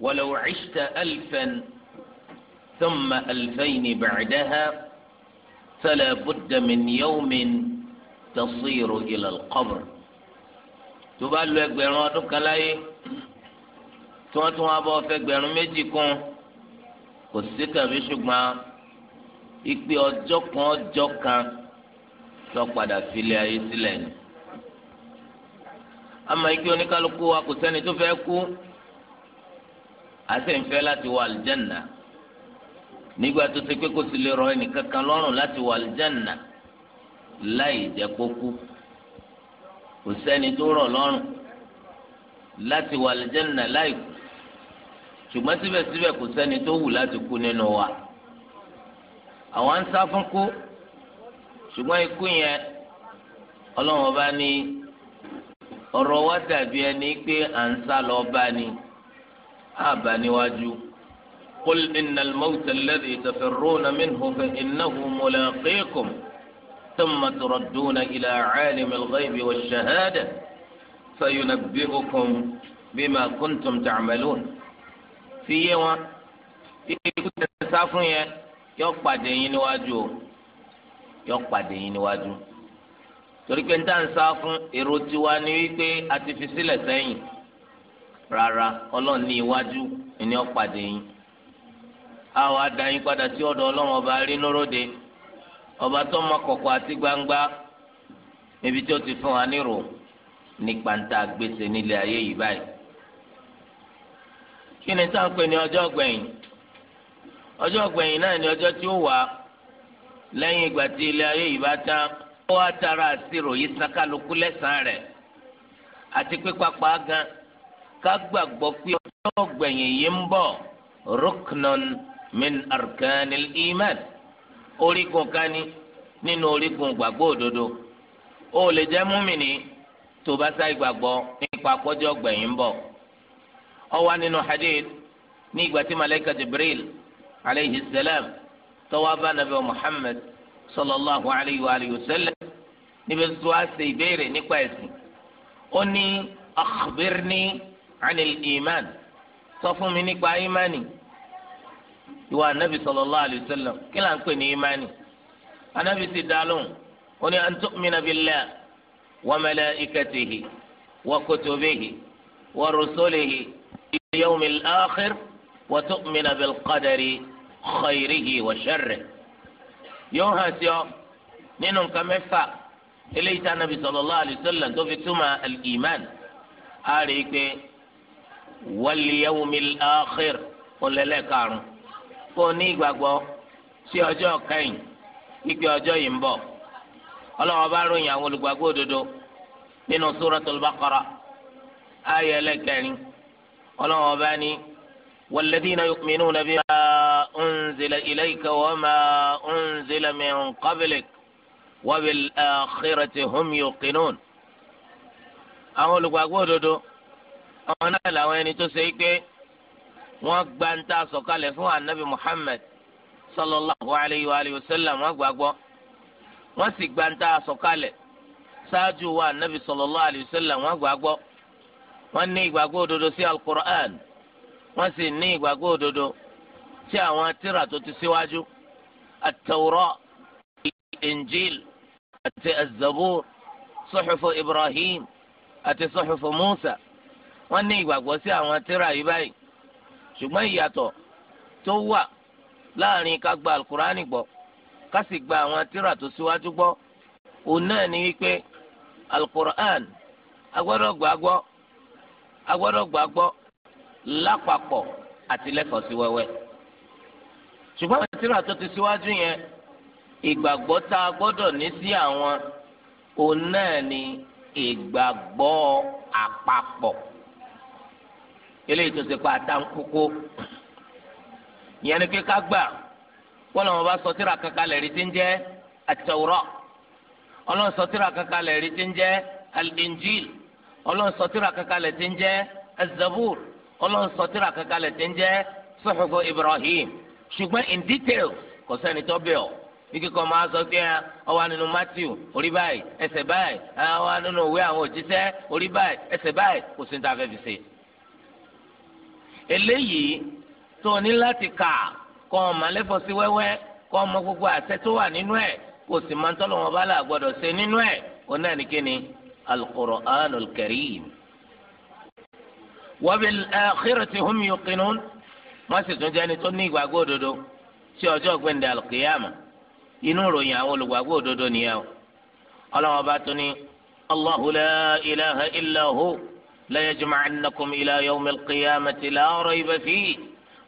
ولو عشت ألفا ثم ألفين بعدها فلا بد من يوم تصير إلى القبر تبال لك كلاي tí wọ́n tún wá bọ́ fẹ́ gbẹ̀rún méjì kún kò sí tàbí ṣùgbọ́n ìpè ọjọ́ kan ọjọ́ kan tó padà filé ayé sílẹ̀ ni. àmọ́ ike oníkálukú wa kò sẹ́ni tó fẹ́ kú àti ìfẹ́ láti wọ àlìjánà nígbà tó ti pé kó sì lè rọ ẹnìkan kan lọ́rùn láti wọ àlìjánà láì jẹ́ kókú kò sẹ́ni tó rọ̀ lọ́rùn láti wọ àlìjánà láì kú ṣùgbọ́n síbẹ̀síbẹ̀ kò sẹ́ni tó wù láti kú nínú wa àwọn ń sá fún kú ṣùgbọ́n ikú yẹn ọlọ́run ọba ní ọ̀rọ̀ wa dàbí ẹni pé à ń sá lọ bá ni. Olo, àbá níwájú qul innal mawta alladhi tafirruna minhu fa innahu mulaqikum thumma turadduna ila alimi alghaybi wash-shahada fayunabbi'ukum bima kuntum ta'malun fi yé wọn ikú tẹ̀ sá fún yẹn yọ pàdé yín níwájú o yọ pàdé yín níwájú torí pé ni wípé a ti fi rárá ọlọ́run ní iwájú ni ọ pàdé yín àwọn adáyín padà sí ọ̀dọ̀ ọlọ́run ọba rínúróde ọba tó mọ àti gbangba níbi tí ó ti fún wa nírò n'ipanta ń gbèsè nílé ayé yìí báyìí kí ni ní gbẹ̀yìn ọjọ́ gbẹ̀yìn náà ni ọjọ́ tí ó wà lẹ́yìn ìgbà tí ilé ayé yìí bá tán tara lẹ́sàn-án rẹ̀ àti gan ka gbàgbọ́ pé ọjọ́ gbẹ̀yìn yìí ń bọ̀ min arkanil iman orikun kání nínú orikun gbàgbọ́ ododo o le jẹ́ múmìnì tó bá sáì gbàgbọ́ nípa kọjọ́ gbẹ̀yìn ń bọ̀ ó wà nínú hadith ní ìgbà malayika jibril aleyhi salam tó nabi muhammad sallallahu alayhi wa sallallahu wa sallam níbi tó wá ṣe ìbéèrè akhbirni. anil iman sọ fún mi nípa imani ìwà anabi sallallahu alayhi wa sallam kí là ń pè ní imani anabi ti dá lóhùn ó ní an tu'mina billahi wa malaikatihi wa kutubihi wa rusulihi wal yawmil akhir wa tu'mina bil qadari khayrihi wa sharrihi yóò hàn sí ọ nínú nǹkan mẹ́fà eléyìí tí anabi sallallahu alayhi wa sallam tó fi túmọ̀ al-iman a rí i pé wal yawmil akhir ọlẹ́lẹ́ karùn-ún kó o ní ìgbàgbọ́ sí ọjọ́ kẹ́yìn pípé ọjọ́ yìí ń bọ̀ ọlọ́wọ́ bá ròyìn àwọn olùgbàgbọ́ òdodo nínú suratul baqara ayé ẹlẹ́kẹrin ọlọ́wọ́ bá ní والذين يؤمنون بما أنزل إليك وما أنزل من قبلك وبالآخرة هم يوقنون àwọn olùgbàgbọ́ òdodo àwọn náà làwọn ẹni tó ṣe é pé wọ́n gba ń ta sọ̀kalẹ̀ fún anabi muhammed sallallahu alayhi wa alayhi wa sallam wọ́n gbàgbọ́ wọ́n sì gba ń ta sọ̀kalẹ̀ ṣáájú wa anabi sallallahu alayhi wa sallam wọ́n gbàgbọ́ wọ́n ní ìgbàgbọ́ òdodo sí alukur'an wọ́n sì ní ìgbàgbọ́ òdodo sí àwọn tírà tó ti síwájú atawurọ injil àti azabur sọ̀xùfù ibrahim àti sọ̀xùfù musa wọ́n ní ìgbàgbọ́ sí àwọn tírà yìí báyìí ṣùgbọ́n ìyàtọ̀ tó wà láàrin ká gba alukurani gbọ́ ká sì gba àwọn tírà tó síwájú gbọ́ òun náà ni wípé alukuran agbọ́dọ̀ gbà gbọ́ agbọ́dọ̀ gbà gbọ́ lápapọ̀ àti lẹ́kọ̀ọ́ sí wẹ́wẹ́ ṣùgbọ́n àwọn tírà tó ti síwájú yẹn ìgbàgbọ́ tá a gbọ́dọ̀ ní sí àwọn òun náà ni ìgbàgbọ́ àpapọ̀. eléyìí tó ṣe pa àdánkókó ìyẹn ni pé ká gbà wọn bá sọ tírà kankan lẹ́rìí tí ń jẹ́ àtẹ̀wúrọ̀ ọlọ́run sọ tírà kankan lẹ́rìí tí ń azabur kankan ibrahim ṣùgbọ́n in detail kò sẹ́ni tó bẹ̀ ọ́ bí kíkọ́ máa sọ pé ó wà nínú matthew orí báyìí ẹsẹ̀ báyìí eléyìí tó ní láti kà kọ́ ọmọ alẹ́fọ́ sí wẹ́wẹ́ kọ́ ọmọ gbogbo àṣẹ tó wà nínú ẹ̀ kò sì máa ń tọ́lọ̀ wọn bá là gbọ́dọ̀ ṣe nínú ẹ̀ òun náà ní kíni al-Qur'anul Karim. wa bil akhirati hum yuqinun wọ́n sì tún jẹ́ ẹni tó ní ìgbàgbọ́ òdodo sí ọjọ́ gbẹ̀ndẹ̀ al inú ìròyìn àwọn olùgbàgbọ́ òdodo nìyẹn ọlọ́wọ́n bá tún ní Allahu la ilaha illa ليجمعنكم إلى يوم القيامة لا ريب فيه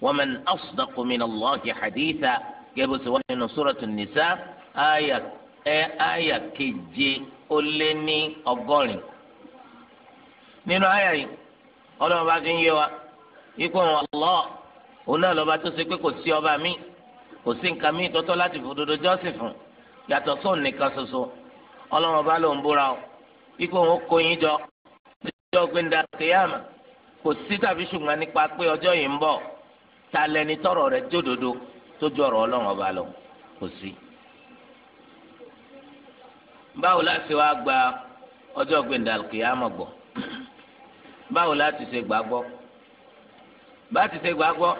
ومن أصدق من الله حديثا جابوا سواء سورة النساء آية آية كجي أولني أبغاني nínú àyà yìí ọlọ́run bá fi ń yé wa ikú wọn lọ́ òun náà lọ́ba tó ṣe pé kò sí ọba mi kò sí nǹkan mi tọ́tọ́ láti fòdodo jọ́sìn fún yàtọ̀ sóun nìkan ṣoṣo ọlọ́run bá lòun búra o ikú wọn kó yín jọ ọjọ́ gbẹ̀ndà kéyàmà kò sí tàbí ṣùgbọ́n nípa pé ọjọ́ yìí ń bọ̀ ta lẹni tọrọ rẹ jódodo tó ju ọ̀rọ̀ Ọlọ́run ọba lọ kò sí. báwo láti wá gba ọjọ́ gbẹ̀ndà kéyàmà gbọ́ báwo láti ṣe gbàgbọ́ bá ti ṣe gbàgbọ́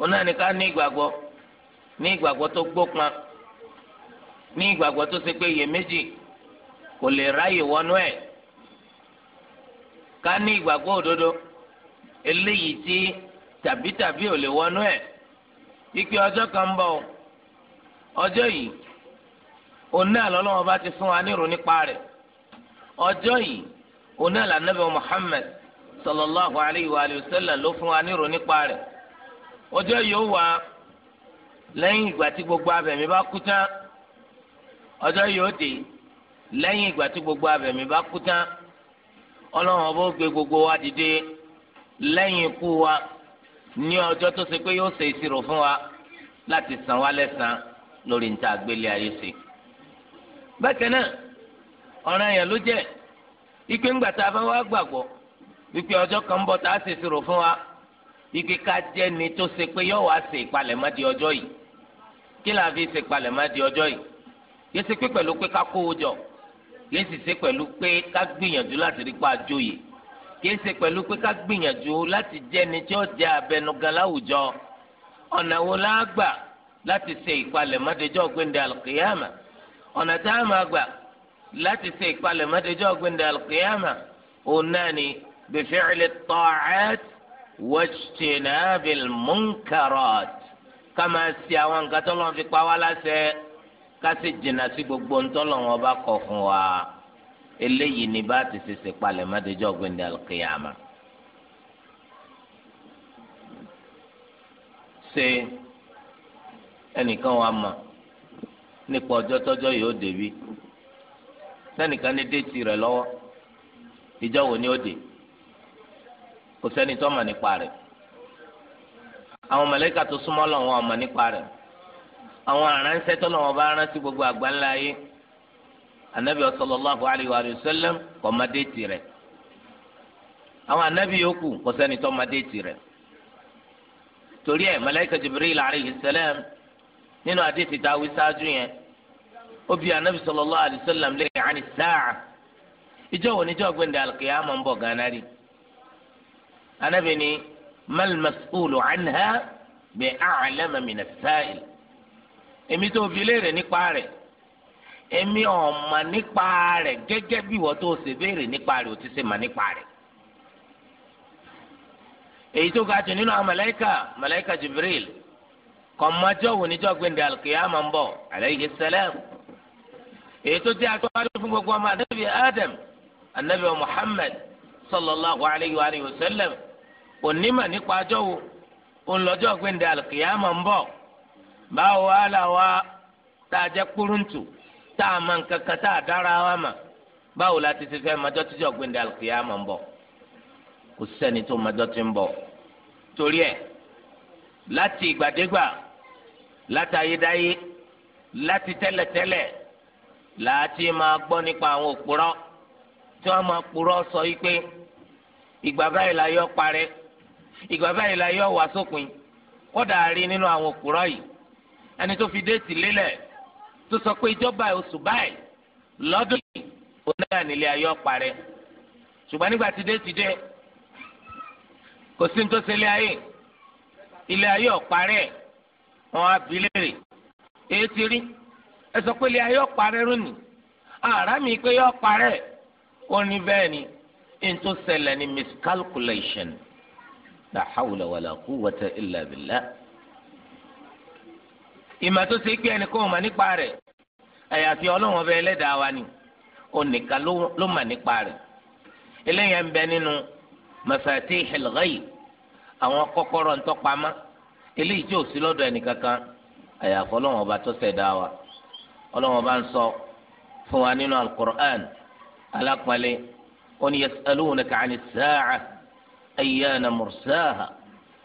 òun ní ká ní ìgbàgbọ́ ní ìgbàgbọ́ tó ní ìgbàgbọ́ tó ṣe ká ní ìgbàgbọ́ òdodo eléyìí tí tàbítàbí ò lè wọnú ẹ̀ ike ọjọ́ kan ń bọ̀ ọjọ́ yìí òun bá ti fún wa nírò nípa rẹ̀ ọjọ́ yìí òun náà lànàbẹ̀ sallallahu alayhi wa sallam ló fún wa nírò nípa rẹ̀ ọjọ́ yìí ó wà lẹ́yìn ìgbà tí gbogbo abẹ̀mí bá kú tán ọjọ́ yìí ó dé lẹ́yìn gbogbo abẹ̀mí bá kú ọlọ́run ọba ó gbé gbogbo wa dìde lẹ́yìn ikú wa ní ọjọ́ tó ṣe pé yóò ṣe ìṣirò fún wa láti san wá lẹ́san lórí níta àgbélé ayé ṣe. bákan náà ọ̀ràn ló jẹ́ ìpè ńgbà tá a wá gbàgbọ́ wípé ọjọ́ kan ń bọ̀ fún wa ká jẹ́ ni tó ṣe pé yóò wá ṣe ìpalẹ̀mọ́ di ọjọ́ yìí kí làá fi ṣe ìpalẹ̀mọ́ di ọjọ́ yìí jọ kìí sì ṣe pẹ̀lú pé ká gbìyànjú láti rí pa àjòyè kìí ṣe pẹ̀lú pé ká gbìyànjú láti jẹ́ni tí ó jẹ́ abẹnugan láwùjọ ọ̀nà wo la gbà láti ṣe ìpalẹ̀mọ́déjọ́ gbẹ̀ndẹ̀ alùkìyàmà ọ̀nà tá a máa gbà láti ṣe ìpalẹ̀mọ́déjọ́ gbẹ̀ndẹ̀ alùkìyàmà òun náà ni bi fi'li at ká máa ṣe àwọn nǹkan tó lọ́n fi pa wá láṣẹ. Kasi jìnnà sí gbogbo ntọ́lọ́wọ́n bá kọ̀ fún wa eléyìí ni bá ti ṣèṣe palẹ̀ mọ́tẹ́jọ́ gbẹ̀ndẹ̀ alùkìyàmà. ṣe ẹnìkan wa mọ̀ nípa ọjọ́ tọ́jọ́ yóò débi sẹ́nìkan ní déètì rẹ̀ lọ́wọ́ ìjọ wo ni ó dé kò sẹ́ni tó mọ̀ nípa rẹ̀ àwọn mọ̀lẹ́kà tó súnmọ́ lọ́wọ́ ọmọ nípa rẹ̀ àwọn aránṣẹ́ tó lọ́wọ́ bá rántí gbogbo àgbáńlá yé anabi sallallahu alayhi wa sallam kò má dé tirẹ̀ àwọn anabi yòókù kò sẹ́ni tó má dé tirẹ̀ torí ẹ̀ malayika jibril alayhi salam nínú adé ti ta wíṣáájú yẹn ó bi anabi sallallahu alayhi wa sallam lè ani sáà ìjọ wo ni ìjọ gbẹndẹ alqiyama ń bọ̀ gánà rí anabi ni mal mas'ulu anha bi a'lama min as-sa'il. èmi tó fi léèrè nípa rẹ̀ èmi ọ̀mà nípa rẹ̀ gẹ́gẹ́ bí wọ́n tó ṣe béèrè nípa rẹ̀ ò ti ṣe mà nípa rẹ̀ èyí tó ga jù nínú màláíkà Jibril kọ̀mọ́jọ́ wò níjọ́ gbẹ̀ndẹ̀ alùkìyàmà ń bọ̀ èyí tó anabi Adam anabi Muhammad sallallahu alayhi wa sallam onímọ̀ nípa ajọ́ wo òun lọ́jọ́ gbẹ̀ndẹ̀ ń bọ̀. báwo wá là wá tá a jẹ́ kúrúǹtù tá a mọ nǹkan kan dára mà báwo la ti ti fẹ́ mọ́jọ́ tí ọ̀gbìn dàlùkì mọ̀ ń bọ̀ kò sẹ́ni tó mọ́jọ́ ti ń bọ̀ torí ẹ̀ láti ìgbàdégbà láti ayédáyé láti tẹ́lẹ̀tẹ́lẹ̀ láti máa gbọ́ nípa àwọn òpùrọ́ tí wọ́n máa purọ́ sọ yìí pé ìgbà báyìí la yọ parẹ́ ìgbà báyìí la ẹni tó fi déètì lélẹ̀ tó sọ pé ìjọba oṣù báyìí lọ́dún yìí ó náà nílé ayé ọ̀parẹ́ ṣùgbọ́n nígbà tí déètì dé kò sí ní tó ṣe ilé ayé ilé ayé ọ̀parẹ́ wọn á bi léèrè èyí ti rí ẹ sọ pé ilé ayé ọ̀parẹ́ rónì àrà mi pé yọ ọ̀parẹ́ ó ní bẹ́ẹ̀ ni ní tó ṣẹlẹ̀ ni miscalculation la hawla wala quwwata illa billah ìmọ̀ tó ṣe pé ẹnìkan ò mà nípa rẹ̀ àyàfi ọlọ́run ọba ẹlẹ́dàá wa ni onìkan ló mà nípa rẹ̀ eléyàn ń bẹ nínú mafatihil ghaib àwọn kọ́kọ́rọ́ ntọ́pamọ́ eléyìí tí ò sí lọ́dọ̀ ẹnìkankan àyàfi ọlọ́run ọba tó ṣẹ̀dá wa ọlọ́run ọba ń sọ fún wa nínú alukur'an alápàlẹ́ wọn yasalunaka ani saaca ayyana mursaha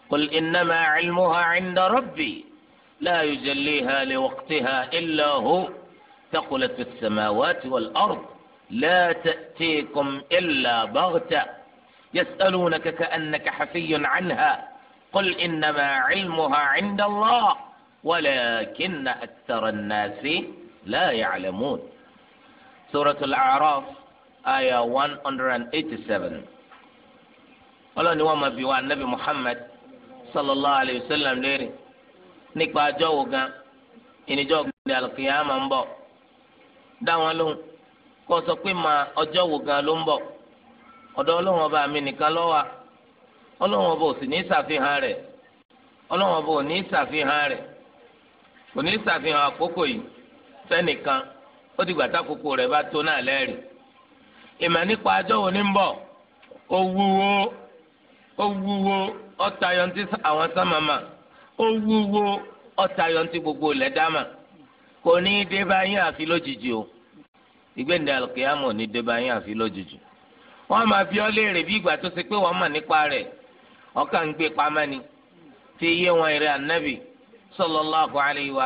qul innama cilmuha cinda rabbi. لا يجليها لوقتها إلا هو ثقلت في السماوات والأرض لا تأتيكم إلا بغتة يسألونك كأنك حفي عنها قل إنما علمها عند الله ولكن أكثر الناس لا يعلمون سورة الأعراف آية 187 قال بيوان النبي محمد صلى الله عليه وسلم ليري nípa ọjọ́ wo gan ìníjọ́ gbẹ̀dẹ̀ àlùkìyà máa ń bọ̀ dá wọn lóhùn kó sọ pé màá ọjọ́ wo gan ló ń bọ̀ ọ̀dọ̀ ọba mi nìkan wà ọba sì ní ìsàfihàn rẹ̀ ọba ní ìsàfihàn rẹ̀ kò ní ìsàfihàn àkókò yìí sẹ́nìkan ó ti gbàtà àkókò rẹ̀ bá tó náà lẹ́rìí ìmọ̀ nípa wo ń bọ̀ ó wúwo ó wúwo ó wúwo ọ̀tayọ̀ gbogbo lẹ̀ dama kò ní í dé bá yín àfi lójijì o ìgbéǹde alùkìyàmọ̀ ní í dé bá yín àfi lójijì wọ́n máa bi ọ́ léèrè bí ìgbà tó ṣe pé wọ́n mọ̀ nípa rẹ̀ ń gbé ni fi yé wọn eré ànábì sallallahu alayhi wa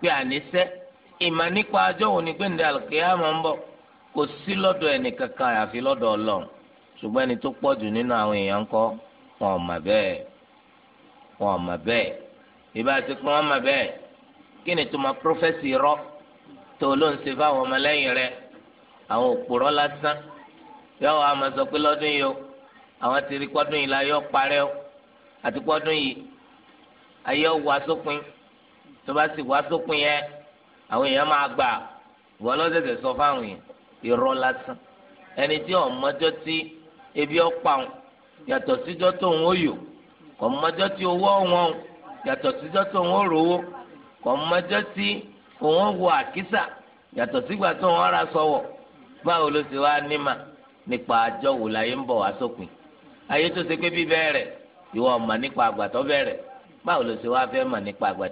pé nípa ń kò sí àfi ẹni tó nínú àwọn èèyàn wọn wọn ò mọ̀ bẹ́ẹ̀ ìbá ti pé wọn mọ̀ bẹ́ẹ̀ kí ni tó ma prọfẹsì rọ tó ló ń ṣe fáwọn ọmọlẹ́yìn rẹ̀ àwọn òpòrọ lásán yọ wàá ma sọ pé lọ́dún yìí o àwọn ti rí pọ́dún yìí la yọ parẹ́ o àti pọ́dún yìí ayé wá sópin tó bá sì wá sópin yẹn àwọn èèyàn máa gbà wọn lọ́sẹ̀sẹ̀ sọ fáwọn yẹn irọ́ lásán ẹni tí ọmọjọ́ tí ebi ọ̀pá yàtọ̀ síjọ́ tó ń wọ́yọ̀ kò mọjọ́ tí owó wọn yàtọ̀ síjọ́ tó wọn rówó kò mọjọ́ tí òun wọ àkísà yàtọ̀ sígbà tó wọn ra sọ̀wọ̀ báwo ló ti wá nímà nípa àjọ wò láyé ń bọ̀ wá sópin ayé tó ṣe pé bí bẹ̀rẹ̀ ìwọ ọ̀mà nípa àgbà tó báwo ló ṣe wá fẹ́ mà nípa àgbà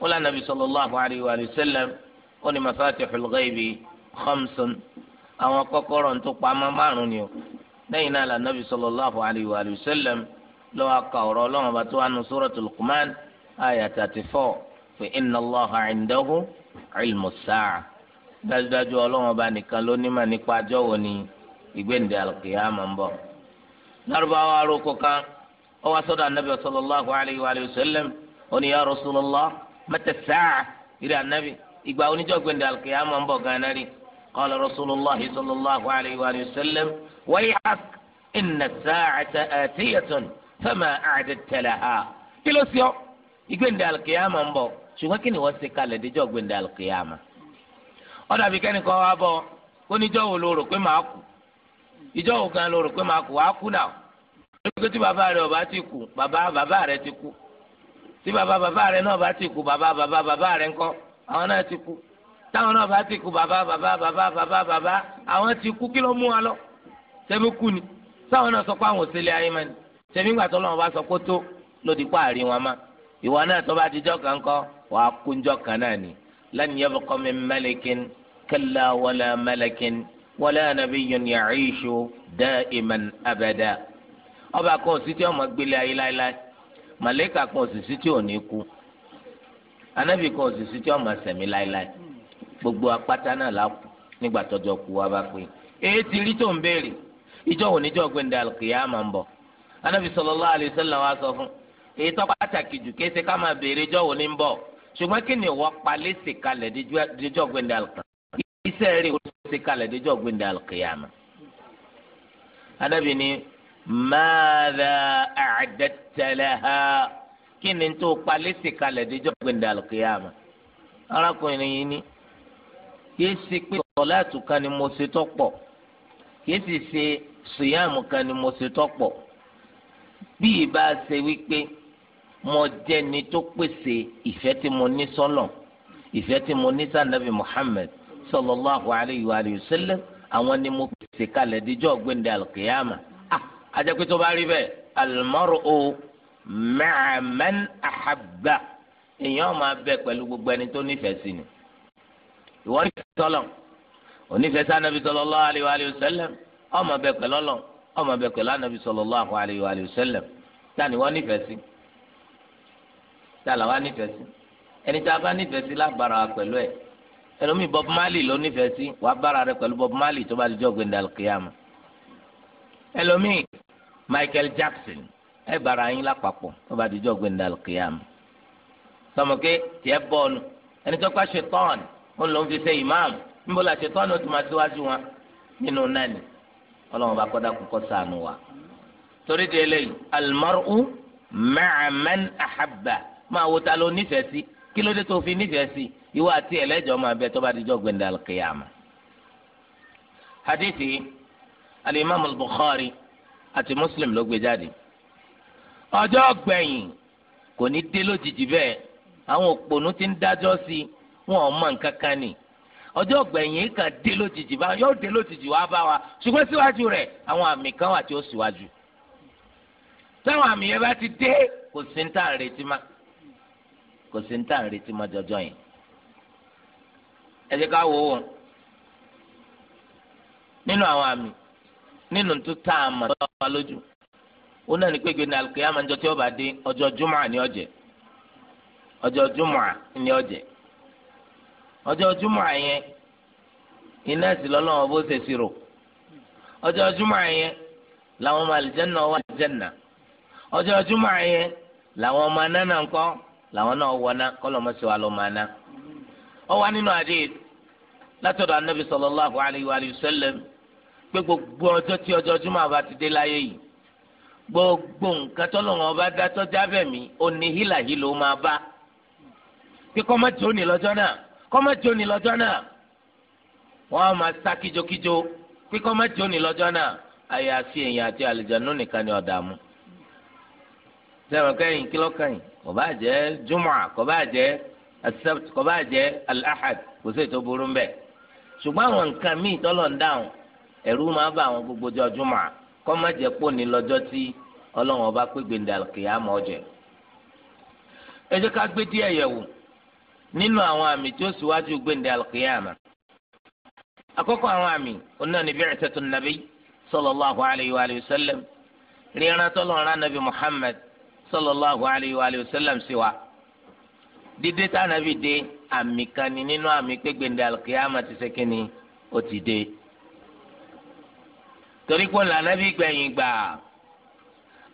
wọn lànà bí sallallahu alayhi wa sallam wọn ni mafatihul ghaibi khamsun àwọn kọ́kọ́rọ́ ń tó pamọ́ márùn ni o lẹ́yìn náà lànà bí sallallahu alayhi wa sallam lọ́wọ́ aka ọ̀rọ̀ ọlọ́run bá tó wà nù suratul Luqman àyà thirty four fa inna Allaha indahu ilmu sa'a dájúdájú ọlọ́run bá nìkan ló nímọ̀ nípa ajọ́ wo ni ìgbéǹde alqiyama ń bọ̀. lárúbáwá aróko kan ó wá sọ́dọ̀ anabi sallallahu alayhi wa sallam ó ní ya Rasulullah mata sa'a ìrì ànábì ìgbà oníjọ́ gbẹ̀ndẹ̀ alkiyama ń bọ̀ gánà rasulillah sallallahu alayhi wa sallam wayhak inna sa'ata atiyatun fama a'dadta laha kí ló alkiyama ń bọ̀ ṣùgbọ́n kí ni wọ́n alkiyama ọ̀dà wo pé màá kú wo gan pé màá tí bàbá bàbá rẹ náà bá ti kú bàbá bàbá bàbá rẹ ńkọ́ àwọn náà ti kú táwọn náà bá ti kú bàbá bàbá bàbá bàbá bàbá àwọn ti kú kí ló mú wa lọ sẹbi kú ni táwọn náà sọ pé àwọn òṣèlè ayé mọ ni sẹbi ńgbà tó lọ́wọ́ bá sọ kó tó lòdì pa àrí wọn ma ìwọ náà tó bá ti jọ kàn kọ́ wàá kú jọ náà ni lan yabqa min malikin kalla wala malakin wala nabiyyun ya'ishu da'iman abada ọba kan òsì tí ọmọ màlẹ́kà kan òsìsì tí ò ní kú anábì kan òsìsì tí ó máa ṣẹ̀mí láéláé gbogbo apáta náà là kú nígbà tọ́jọ́ kú wa bá pé èyí ti rí tó ń béèrè ìjọ wò níjọ gbẹndẹ àlùkìyà máa ń bọ̀ anábì sallallahu alaihi wasallam wa sọ fún èyí tó pàtàkì jù kése ká máa béèrè ìjọ wò ní ń bọ̀ ṣùgbọ́n kí ni ìwọ palẹ̀ sì kalẹ̀ díjọ gbẹndẹ àlùkìyà iṣẹ́ rẹ̀ ó sì kalẹ̀ díjọ gbẹndẹ àlùkìyà máa anábì ni máàdà àdẹ́tẹ̀lẹ́hà kí ni tó palẹ́sì kalẹ̀ díjọ́ gbẹ̀ndà àlùkìyàmà arákùnrin yìí ni kìí ṣe pé sọ̀láàtù kan ni mo ṣe tọ́pọ̀ kìí sì ṣe sùyàmù kan ni mo ṣe tọ́pọ̀ bí ìbá ṣe wípé mo tó pèsè ìfẹ́ tí mo ní sọ́nà ìfẹ́ tí mo ní sànàbì Muhammad sallallahu alayhi wa sallam àwọn ni mo pèsè kalẹ̀ díjọ́ gbẹ̀ndà àlùkìyàmà ajẹ́pẹ́ tó bá rí bẹ́ẹ̀ al-mar'u ma'a man ahabba èèyàn máa bẹ pẹ̀lú gbogbo ẹni tó nífẹ̀ẹ́ sí ni ìwọ nífẹ̀ẹ́ sọlọ onífẹ̀ẹ́ sí anabi sallallahu alayhi wa sallam ọmọ bẹ pẹ̀lú ọlọ ọmọ bẹ pẹ̀lú anabi sallallahu alayhi wa sallam táà ní wọ́n nífẹ̀ẹ́ sí táà làwọn nífẹ̀ẹ́ sí ẹni tí a bá nífẹ̀ẹ́ sí lábàárà pẹ̀lú ẹ̀ ẹlòmí bob marley ló nífẹ̀ẹ́ sí wàá bára rẹ pẹ̀lú bob marley tó bá di jọ́ gbẹ̀ndà kìyàmù Michael Jackson ẹ bára yín lápapọ̀ tó bá dijọ́ gbẹ̀ndà kìyàm. sọmọkẹ́ tiẹ̀ bọ́ọ̀nù ẹni tó pa ṣetán ó ló ń fi ṣe imam níbo la ṣetán ó ti máa síwájú wọn nínú nání ọlọ́run bá kọ́ dákun kọ́ sànù wa. torí de eléyìí almaru ma'a man ahabba máa wo ta ló nífẹ̀ẹ́ sí kí ló dé tó fi nífẹ̀ẹ́ sí ìwọ àti ẹlẹ́jọ́ máa bẹ tó bá dijọ́ gbẹ̀ndà kìyàm. hadithi alimami bukhari àti muslim ló gbé jáde ọjọ́ gbẹ̀yìn kò ní dé lójijì bẹ́ẹ̀ àwọn òpònú ti ń dájọ́ sí i wọn ò mọ nǹkan kan ni ọjọ́ gbẹ̀yìn kan dé lójijì bá yóò dé lójijì wá bá wa ṣùgbọ́n síwájú rẹ̀ àwọn àmì kan wà tí ó síwájú táwọn àmì yẹn bá ti dé kò sí ní tá ń retí má kò sí ní tá ń retí má jọjọ yẹn ẹ jẹ́ ká wò ó nínú àwọn àmì. nínú tó tá a mọ̀ tó wà lójú ó náà ní pẹ́gbẹ́ ní ọjọ́ tí ó bá dé ọjọ́ júmọ̀à ní ọ̀jẹ̀ ọjọ́ júmọ̀à ní ọ̀jẹ̀ ọjọ́ júmọ̀à yẹn iná sì lọ́lọ́wọ́ bó ṣe ṣirò ọjọ́ júmọ̀à yẹn làwọn ọmọ àlìjẹ́nà wà àlìjẹ́nà ọjọ́ júmọ̀à yẹn làwọn ọmọ anáná ńkọ́ làwọn náà wa ọ wá nínú pé gbogbo ọjọ́ tí ọjọ́ júmọ̀ àbá ti dé láyé yìí gbogbo nǹkan tọ́lọ́wọ́n ọba dátọ́ jábẹ̀ mí òní hílàhílò máa bá pé kọ́mọ́tì òní lọ́jọ́ náà kọ́mọ́tì òní lọ́jọ́ náà wọ́n á máa sá kíjokíjo pé kọ́mọ́tì òní lọ́jọ́ náà àyàfi èèyàn àti àlùjànnú nìkan ni ọ̀dà mu. sẹ́wọ̀n kẹ́yìn kílọ̀ kẹ́yìn kò bá jẹ́ júmọ̀à kò bá jẹ́ asabt kò bá jẹ́ alahad kò sí ètò burú mbẹ́ ṣùgbọ́n àwọn nǹkan míì tọ́lọ̀ ń dáhùn ẹ̀rú máa bá àwọn gbogbo ọjọ́ jùmọ̀ kọ́ má jẹ́ pò ní lọ́jọ́ tí ọlọ́run ọba pé gbèǹdàkè àmọ́ ọ̀jẹ̀. ẹ jẹ́ ká gbé díẹ̀ yẹ̀wò nínú àwọn àmì tí ó síwájú gbèǹdàkè àmọ́. àkọ́kọ́ àwọn àmì onáà ní bi'satun nabi sallallahu alayhi wa sallam ríran tọ́lọ́run anabi Muhammad sallallahu alayhi wa sallam sí wa dídé tá anabi dé àmì kan ní nínú àmì pé gbèǹdàkè àmọ́ ti ṣe kíni ó ti dé torí pé ńlá anábì gbẹ̀yìn gbà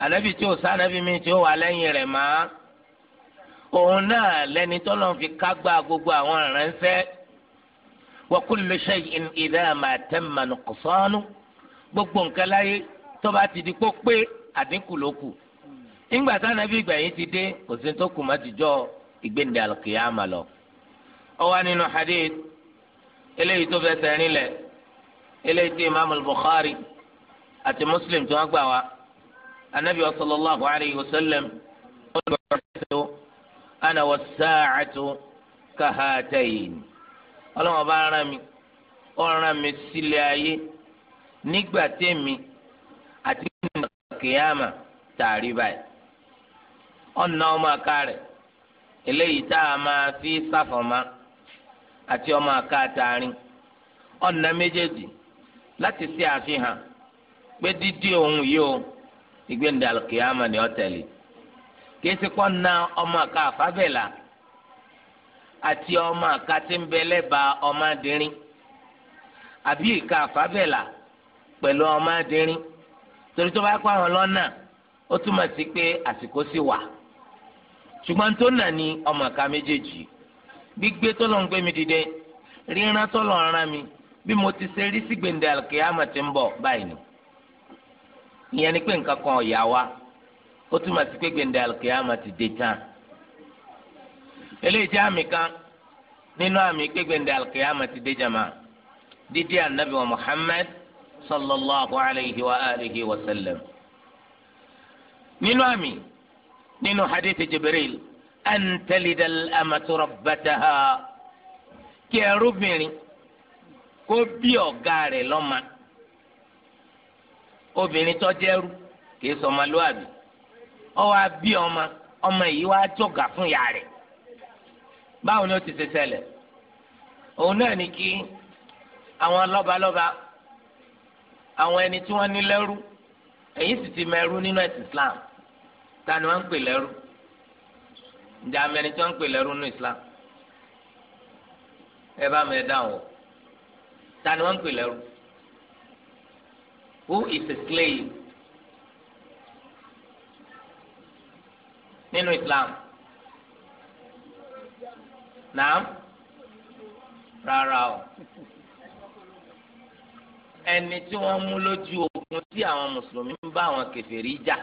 anábì tí ò sá anábì mi tí ó wà lẹ́yìn rẹ̀ mọ́ òun náà lẹni tọ́lọ́ fi kágbá gbogbo àwọn ìránṣẹ́ wa kullu shay'in idha ma tamma nuqsanu gbogbo nǹkan láyé tó bá ti di kó pé àdínkù ló kù nígbà tí anábì gbẹ̀yìn ti dé kò sí tó kù má ti ìgbéǹde al-qiyama lọ. ó nínú hadith eléyìí tó fẹsẹ̀ rinlẹ̀ eléyìí tó Imam bukhari àti muslim tí wọn gbà wá anabi wa sallam. alayhi wa sallam ana wa sàcàtò kahatayin ọlọ́wọ́n bá rán mi ó mi sílẹ̀ ayé nígbà tèmi àti kìyàmà tààrí báyìí ọ̀nà ọmọ àká rẹ̀ eléyìí tá a máa fi sáfọ̀mọ́ àti ọmọ àká tààrin ọ̀nà méjèèjì láti ṣe àfihàn. pé dídí òun yìí o ìgbéǹda kìámà ni ọ tẹ̀lé kéésì kọ́ na ọmọ àka àfábẹ́là àti ọmọ àka tí ń bẹ lẹ́bàá ọmọ adìrín àbí ìka àfábẹ́là pẹ̀lú ọmọ adìrín torí tó bá kọ́ àwọn lọ́nà ó túmọ̀ sí pé àsìkò sì wà ṣùgbọ́n tó nà ní ọmọ àka méjèèjì gbígbé ń gbé mi dìde ríran ń rán mo ti ṣe rí sí ti ń ìyẹn ni pé nǹkan kan ọ̀yà wa ó túmọ̀ sí pé gbẹ̀ndẹ̀ alùkìyàmà ti dé tán eléyìí jẹ́ àmì kan nínú àmì pé gbẹ̀ndẹ̀ alùkìyàmà ti dé jàmà dídí ànábì wa Muhammad sallallahu alayhi wa alihi wa sallam nínú àmì nínú hadithi Jibril antalidal amatu rabbataha kí ẹrúbìnrin kó bí ọ̀gá rẹ̀ lọ́mọ obìnrin tó jẹ́rú kìí sọ ọmọlúwàbí ó wá bí ọmọ ọmọ yìí wá jọ̀gà fún ìyá rẹ̀ báwo ni ó ti ṣe ṣẹlẹ̀ òun náà ni kí àwọn lọ́balọ́ba àwọn ẹni tí wọ́n ní lẹ́rú èyí sì ti mẹ́rú nínú ẹ̀sìn Islam ta ni wọ́n ń pè lẹ́rú ǹjẹ́ amẹ́ni tí wọ́n ń pè lẹ́rú nínú Islam ẹ bá mi dáhùn ta ni wọ́n ń pè lẹ́rú who is a slave nínú Islam naam rárá o ẹni tí wọ́n mú lójú ogun tí àwọn mùsùlùmí ń bá àwọn kèfèrí jà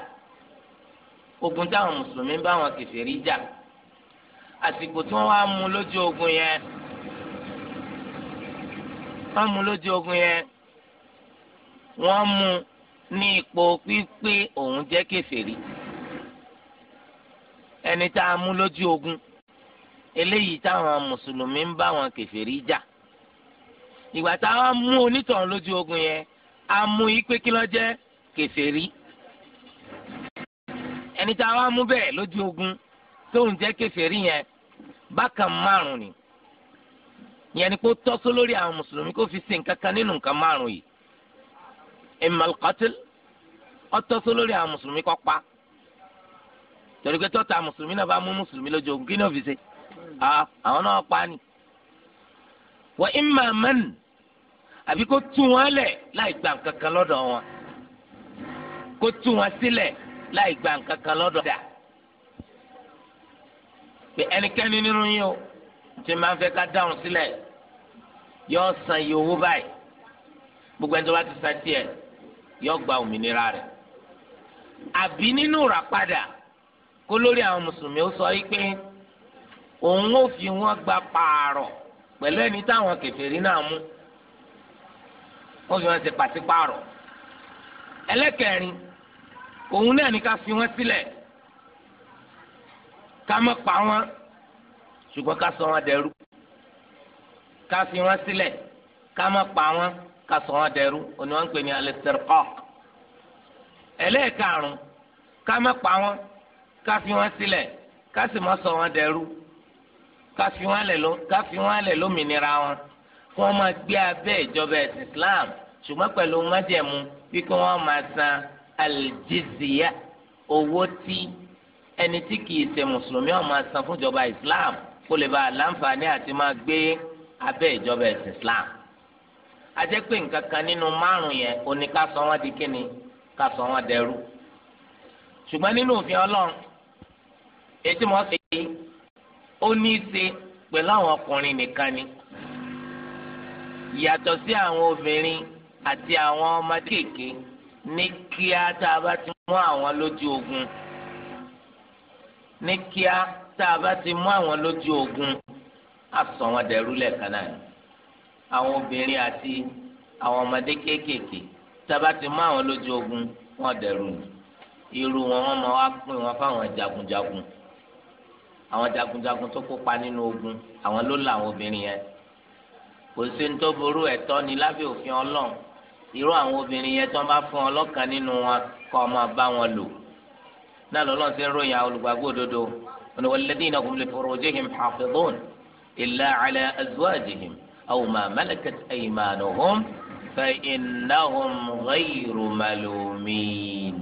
ogun tí àwọn mùsùlùmí ń bá àwọn kèfèrí jà àsìkò tí wọ́n wá mú lójú ogun yẹn wọ́n mú lójú ogun yẹn wọ́n mú ní ipò pípé òun jẹ́ kèfèrí ẹni tá a mú lójú ogun eléyìí táwọn mùsùlùmí ń bá wọn kèfèrí jà ìgbà táwọn mú onítọ̀hún lójú ogun yẹn a mú ipe kí ló jẹ́ kèfèrí ẹni táwọn mú bẹ́ẹ̀ lójú ogun tóun jẹ́ kèfèrí yẹn bákan márùn ni yẹn ni kó tọ́sọ lórí àwọn mùsùlùmí kó fi ṣe nǹkan nínú nǹkan márùn yìí imal qatil ọtọ́ sí lórí àwọn mùsùlùmí kọ́ pa torí pé tọ́ta mùsùlùmí náà bá mú mùsùlùmí lójú ogun kí ni òfin ṣe àwọn náà pa ni. wà ìmọ̀ mẹ́nu àbí kó tú wọn lẹ̀ láì gba nǹkan kan lọ́dọ̀ wọn kó tú wọn sílẹ̀ láì gba nǹkan kan lọ́dọ̀ dà. pé nínú yín o tí máa ń fẹ́ dáhùn sílẹ̀ yóò san iye báyìí gbogbo ẹni tó bá ti san tiẹ̀ yọ gba òmìnira rẹ̀ àbí nínú ràpadà kó lórí àwọn mùsùlùmí ó sọ yìí pé òun ó fi wọn gba pààrọ̀ pẹ̀lú ẹni táwọn kèfèrí náà mú ó fi wọn ṣe pàṣípààrọ̀ ẹlẹ́kẹ̀rin òun náà ní ká fi wọn sílẹ̀ ká má pa wọn ṣùgbọ́n ká sọ wọn dẹrú ká fi wọn sílẹ̀ ká má pa wọn ká sọ wọn dẹrú òní wọn ń pè ní al-istirqaq ẹlẹ́ẹ̀karùn ká má pa wọn ká fi wọn sílẹ̀ ká sì má sọ wọn dẹrú ká fi wọn lẹ̀ lómìnira wọn kí wọ́n máa gbé abẹ́ ìjọba ẹ̀sìn Islam ṣùgbọ́n pẹ̀lú májẹ̀mú bí kí wọ́n máa san al-jizya owó tí ẹni tí kìí ṣe mùsùlùmí ọ̀ máa san fún ìjọba Islam kó lè bá a láǹfààní àti máa gbé abẹ́ ìjọba ẹ̀sìn Islam ajẹ́ pé nǹkan kan nínú márùn yẹn ó ní ká sọ wọ́n di kíni ká sọ wọ́n dẹrú ṣùgbọ́n nínú òfin ọlọ́run ètí mo ṣe é ó ní í ṣe pẹ̀lú àwọn ọkùnrin nìkan ni yàtọ̀ sí àwọn obìnrin àti àwọn ọmọdé kéèké ní kíá tá a bá ti mú àwọn lójú ogun ní kíá tá a bá ti mú àwọn lójú ogun á sọ wọ́n dẹrú náà àwọn obìnrin àti àwọn ọmọdé kéékèèké sábà ti mú àwọn lójú ogun wọn dẹrù ni irú wọn wọn máa wá pín wọn fáwọn jagunjagun àwọn jagunjagun tó kópa nínú ogun àwọn ló la àwọn obìnrin yẹn kò sí ní tó burú ẹ̀tọ́ ni lábẹ́ òfin Ọlọ́run irú àwọn obìnrin yẹn tó ń bá fún ọ lọ́kàn nínú wọn kọ́ ọ bá wọn lò náà lọ́lọ́run ti ń ròyìn àwọn olùgbàgbọ́ òdodo wọn ni walladhina hum li furujihim hafidhun illa ala azwajihim. أو ما ملكت أيمانهم فإنهم غير ملومين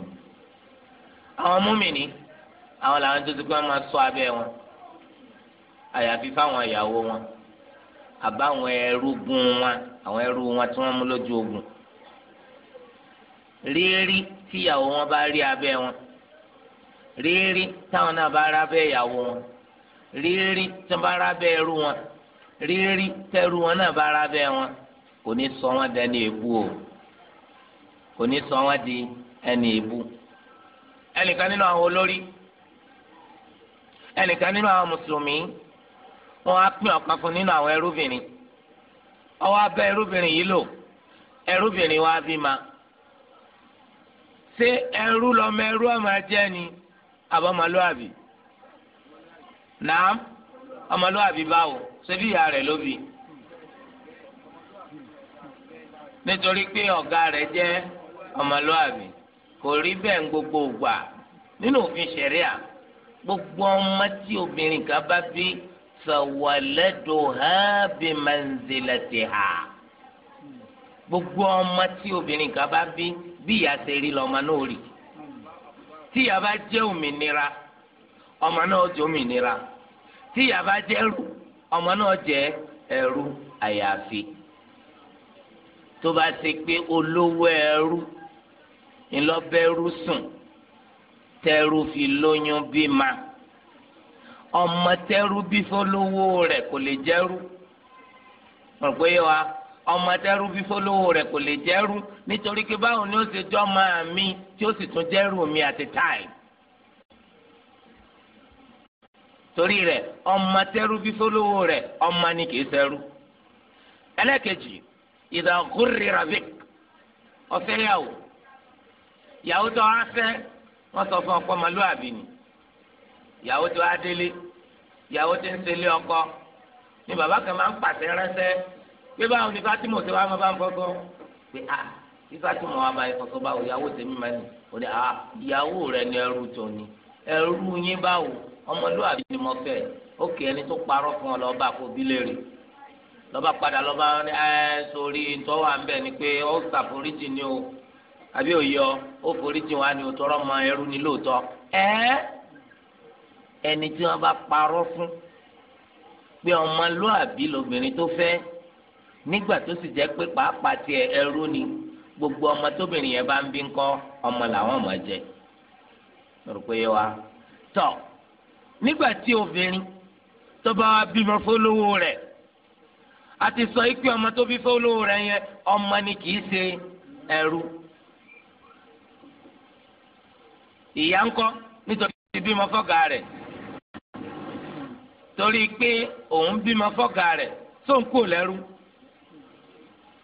àwọn múmìnì àwọn làwọn tó ti pé wọn máa ṣọ́ abẹ́ wọn àyàfi fáwọn ìyàwó wọn àbáwọn ẹrúgun wọn àwọn ẹrú wọn tí wọn mú lójú ogun rírí tíyàwó wọn bá rí abẹ́ wọn rírí táwọn náà bá rábẹ́ ìyàwó wọn rírí tí wọn bá rábẹ́ ẹrú wọn rírí tẹ́rù wọn náà bá ara bẹ́ẹ̀ wọn kò ní sọ wọn di ẹni èbú o kò ní sọ wọn di ẹni èbú ẹnìkan nínú àwọn olórí ẹnìkan nínú àwọn mùsùlùmí wọn á pín ọ̀kan fún nínú àwọn ẹrúbìnrin ọwọ́ abẹ́ ẹrúbìnrin yìí lò ẹrúbìnrin wa bí ma ṣé ẹrú lọmọ ẹrú ọmọ ajẹ́ ni àbọ̀mọlúàbí nàám ọmọlúàbí báwo ṣebí ìyá rẹ̀ ló bí nítorí pé ọ̀gá rẹ̀ jẹ́ ọmọlúwàbí kò rí bẹ́ẹ̀ gbogbo ògbà nínú òfin ṣẹ̀ríà gbogbo ọmọ tí obìnrin kan bá bí sọ̀wọ́lẹ́dò ha bí manzilẹ̀tì gbogbo ọmọ tí obìnrin kan bá bí bí ìyá ṣe rí lọ́mọ náà rí tí ìyá bá jẹ́ òmìnira ọmọ náà jẹ́ òmìnira tí ìyá bá jẹ́ rù ọmọ náà jẹ́ ẹrú àyàfi tó bá ti pé olówó ẹrú ńlọbẹrú sùn tẹrú fi lóyún bímọ ọmọ tẹrú bí fọlówó rẹ̀ kò lè jẹrú mọ̀ pé wa ọmọ tẹrú bí fọlówó rẹ̀ kò lè jẹrú nítorí pé báwo ni ó ṣe jọ́ máa mi tí ó sì tún jẹ́rú mi àti táìmù torí rẹ̀ ọmọ tẹ́rú bí fọlọ́wọ́ rẹ̀ ọmọ ni kìí sẹ́rú. ẹlẹ́kẹ̀jì ìdá gúrì rabik ọ̀fẹ́ yàwó yàwó tó wá fẹ́ wọ́n sọ fún ọkọ màlúwàbí ni yàwó tó wá délé yàwó tó ń sẹlé ọkọ ni bàbá kan máa ń pàṣẹ ránṣẹ́ pé báwo ni Fatima ṣe wá máa bá ń fọ́gọ́ pé a ah, bí Fatima wá bá ẹ̀fọ́ tó báwo yàwó tèmi máa nì ní a ah, ìyàwó rẹ̀ ni ẹrú tó ni ẹrú yín báwo ọmọlúwàbí ni mo fẹ́ ó ẹni tó parọ́ fún ọ lọ́ba kò bí léèrè lọ́ba padà lọ́ba ẹ sórí ntọ́wà ń bẹ̀ ni pé ó ṣàforíjì ni o àbí òye ó foríjì wa ni o tọrọ mọ ẹrú ni lóòótọ́ ẹ ẹni tí wọ́n bá parọ́ fún pé ọmọlúwàbí lobìnrin tó fẹ́ nígbà tó sì jẹ́ pé pàápàá tiẹ̀ ẹrú ni gbogbo ọmọ tóbìnrin yẹn bá ń bí ńkọ́ ọmọ làwọn ọmọ jẹ rò wa tọ́. So, nígbà tí obìnrin tó bá wá bímọ fólówó a àti sọ ikú ọmọ tó bí fólówó rẹ̀ yẹn ọmọ ni kì í ṣe ẹrú ìyá ńkọ́ nítorí ti bímọ fọ́gà rẹ̀ torí pé òun bímọ fọ́gà rẹ̀ tó ń kó lẹ́rú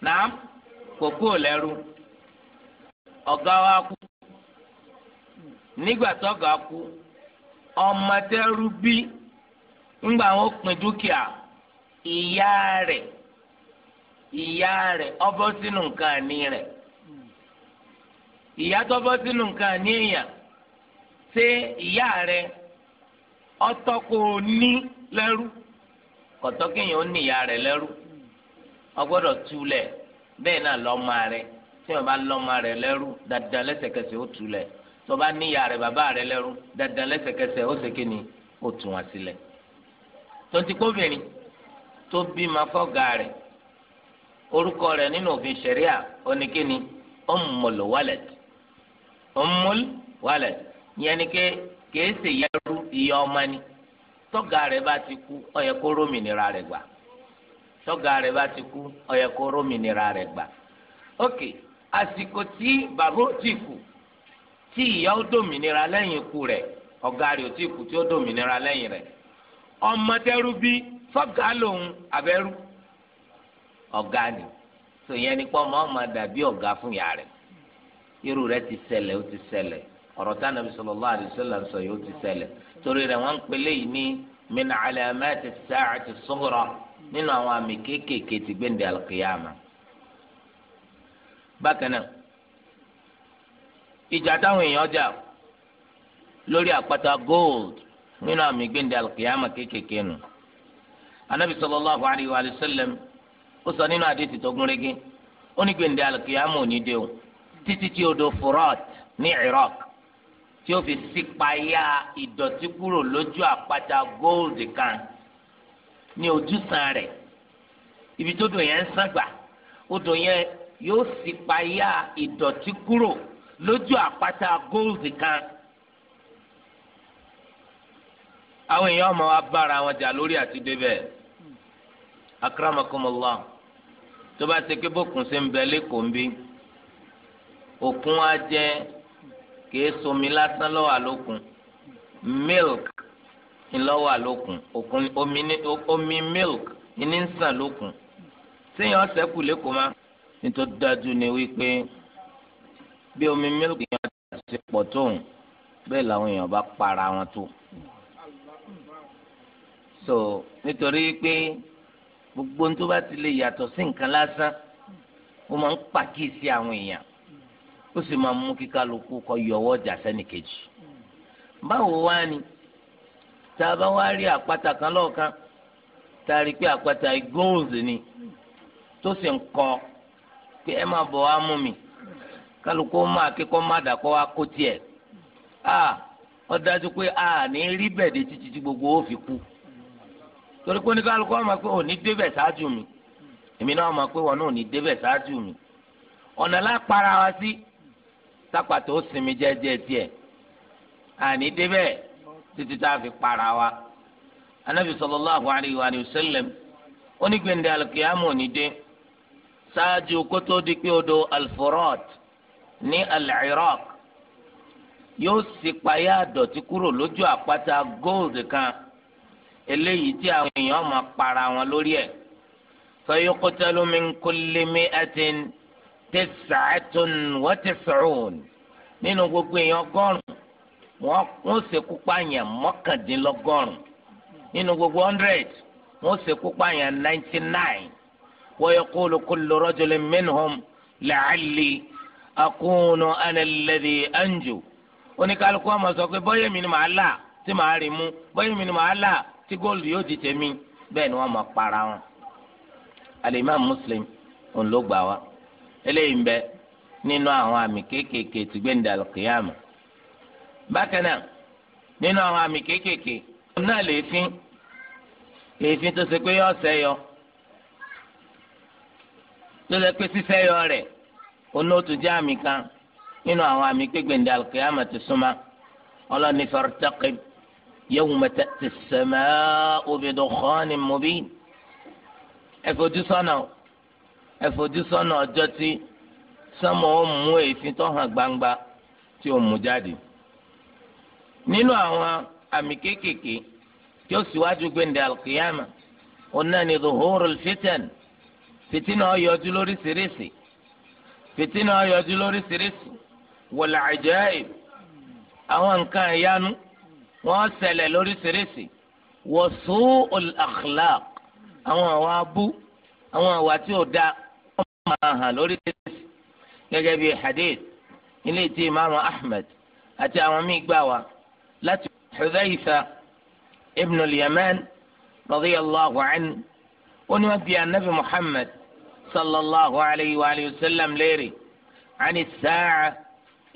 náà kò kó lẹ́rú ọ̀gá wa kú nígbà tọ́gà kú ọmọ tẹ́rú bí ńgbà wọn pín dúkìá ìyá rẹ̀ ìyá rẹ̀ ọbọ̀ sínú nǹkan àní rẹ̀ ìyá tó sínú nǹkan àní èèyàn ṣé ìyá ní lẹ́rú kọ̀tọ́ kéèyàn ó ní ìyá rẹ̀ lẹ́rú ọgbọ́dọ̀ túlẹ̀ bẹ́ẹ̀ náà lọmọ rẹ̀ tí wọ́n bá dáadáa ó tọba níyà rẹ bàbá rẹ lẹ́rú dandan lẹ́sẹ̀kẹsẹ̀ ó ṣe kíni ó tún wọn sílẹ̀ tontikobìnrin tó bímọ fọgà rẹ orúkọ rẹ nínú òfin ṣẹríà oníkíni ummul walad ummul walad yẹn ni ké kèé ṣe yẹrú ìyá ọmọ ni tọgà rẹ bá ti kú ó yẹ kó rómìnira rẹ gbà tọgà rẹ bá ti kú ó kó rómìnira rẹ gbà ókè àsìkò tí bàbá ò tí kù. tí ìyá ó dòmìnira lẹ́yìn ikú rẹ̀ ọ̀gá rẹ̀ ò tí tí ó dòmìnira lẹ́yìn rẹ̀ ọmọdẹ́rú bí fọ́gà lòun abẹ́rú ọ̀gá ni tòyẹn nípa ọmọ ọmọ dàbí ọ̀gá fún ìyá rẹ̀ irú rẹ̀ ti sẹlẹ̀ ó ti sẹlẹ̀ ọ̀rọ̀ tá nàbí sọ yìí ó ti torí rẹ̀ wọ́n ń yìí ní nínú àwọn àmì kéékèèké ti bákan náà ìjà táwọn èèyàn jà lórí àpáta gold nínú àmì gbẹ̀ndẹ̀ alkiyama kéékèèké nù anabi sallallahu alayhi wa sallam ó sọ nínú àdéhùn tó gún régé ó ní gbẹ̀ndẹ̀ alkiyama ò ní dé o títí tí odò furat ní Iraq tí o fi sípayá ìdọ̀tí kúrò lójú àpáta gold kan ní ojúsàn rẹ̀ ibi tó dùn yẹn ń sàgbà odò yẹn yóò sípayá ìdọ̀tí kúrò. lójú àpáta góòlù kan àwọn èèyàn ọmọ wa bára wọn jà lórí àti débẹ̀ akramakumullah tó bá ti ké bókun ṣe ń bẹ lẹkọọ ń bí òkun á jẹ kìí somi lásán lọ́wọ́ àlòkùn milk ńlọ́wọ́ àlòkùn òkun omi milk ní ń sàn lókun séèyàn ọ̀sẹ̀ kù lẹ́kọ̀ọ́ má nítorí dájú ni wípé bí omi mílíkì yẹn ti pọ̀ tóun bẹ́ẹ̀ làwọn èèyàn bá para wọn tó. so nítorí pé gbogbo tó bá ti lè yàtọ̀ sí nǹkan lásán ó máa ń pàkíyèsí àwọn èèyàn ó sì máa mú kí kálukú kó yọwọ́ ọjà sẹ́nìkejì. báwo wá ni tá a bá wá rí àpáta kan lọ́ọ̀kan tá a rí pé àpáta igóòzì ni tó sì ń kọ pé ẹ máa bọ̀ wá mú mi kálukú má kíkọ́ má dàkọ́ wá kó tiẹ̀ a ó dájú pé a ní rí bẹ̀dẹ̀ títí tí gbogbo ó fi kú torí pé oníkálukú ọmọ pé òní débẹ̀ ṣáájú mi èmi náà mọ̀ pé wọn náà òní débẹ̀ ṣáájú mi ọ̀nà lápára wa sí sápàtà ó sinmi jẹ́jẹ́ tiẹ̀ àní débẹ̀ títí tá a fi para wa anabi sallallahu alayhi wa sallam onígbèǹde alùkìyàmù òní dé ṣáájú kótó di pé odò alforot ní al-Iraq yóò sì payá àdọ̀tí kúrò lójú àpáta góòlù kan eléyìí tí àwọn èèyàn máa para wọn lórí ẹ̀ fayuqtalu min kulli mi'atin tis'atun nínú gbogbo èèyàn ọgọ́rùn wọ́n wọ́n ṣekú pààyàn mọ́kàndínlọ́gọ́rùn nínú gbogbo hundred wọ́n ṣekú pààyàn ninety nine wa yaqulu kullu rajulin minhum akunu ana alladhi anju oníkálukú ọmọ sọ pé bọ́yẹ̀ mi ni màá là tí màá rí mú bọ́yẹ̀ mi ni màá là tí góòlù yóò di tèmi bẹ́ẹ̀ ni wọ́n mọ̀ para wọn. alimam muslim òun ló gbà wá eléyìí ń bẹ nínú àwọn àmì kéékèèké tí gbẹ̀ǹdà kìyàmù bákan náà nínú àwọn àmì kéékèèké náà lè fín èéfín tó ṣe pé yọ ọsẹ yọ tó ṣe pé sísẹ yọ rẹ̀ onótù jẹ́ àmì kan nínú àwọn àmì gbẹ̀gbẹ̀ndé alùkìyàmà ti súnmọ́ ọlọ́ni fartaqib yawma ta'ti as-sama'u bidukhanin mubin ẹ fojú sọ́nà ẹ fojú sọ́nà ọjọ́ tí sánmọ̀ ó mú èéfín tó hàn gbangba tí ó mú jáde nínú àwọn àmì kéékèèké tí ó síwájú gbẹ̀ndé alùkìyàmà onáni dhuhurul fitan fitina ó yọjú lóríṣiríṣi fìtínà yọjú lóríṣiríṣi wọlé àjẹ́ àwọn nǹkan ìyanu wọ́n ṣẹlẹ̀ lóríṣiríṣi wọ̀sù al-akhlaq àwọn àwa abú àwọn àwa tí ò da wọ́n máa hàn lóríṣiríṣi gẹ́gẹ́ bíi hadith ilé tí imaamu ahmed àti àwọn míì gbà wá láti Hudhayfa ibn al-Yaman radiyallahu ó ní wọ́n bi anabi muhammad sallallahu alayhi wa sallam léèrè ani sáà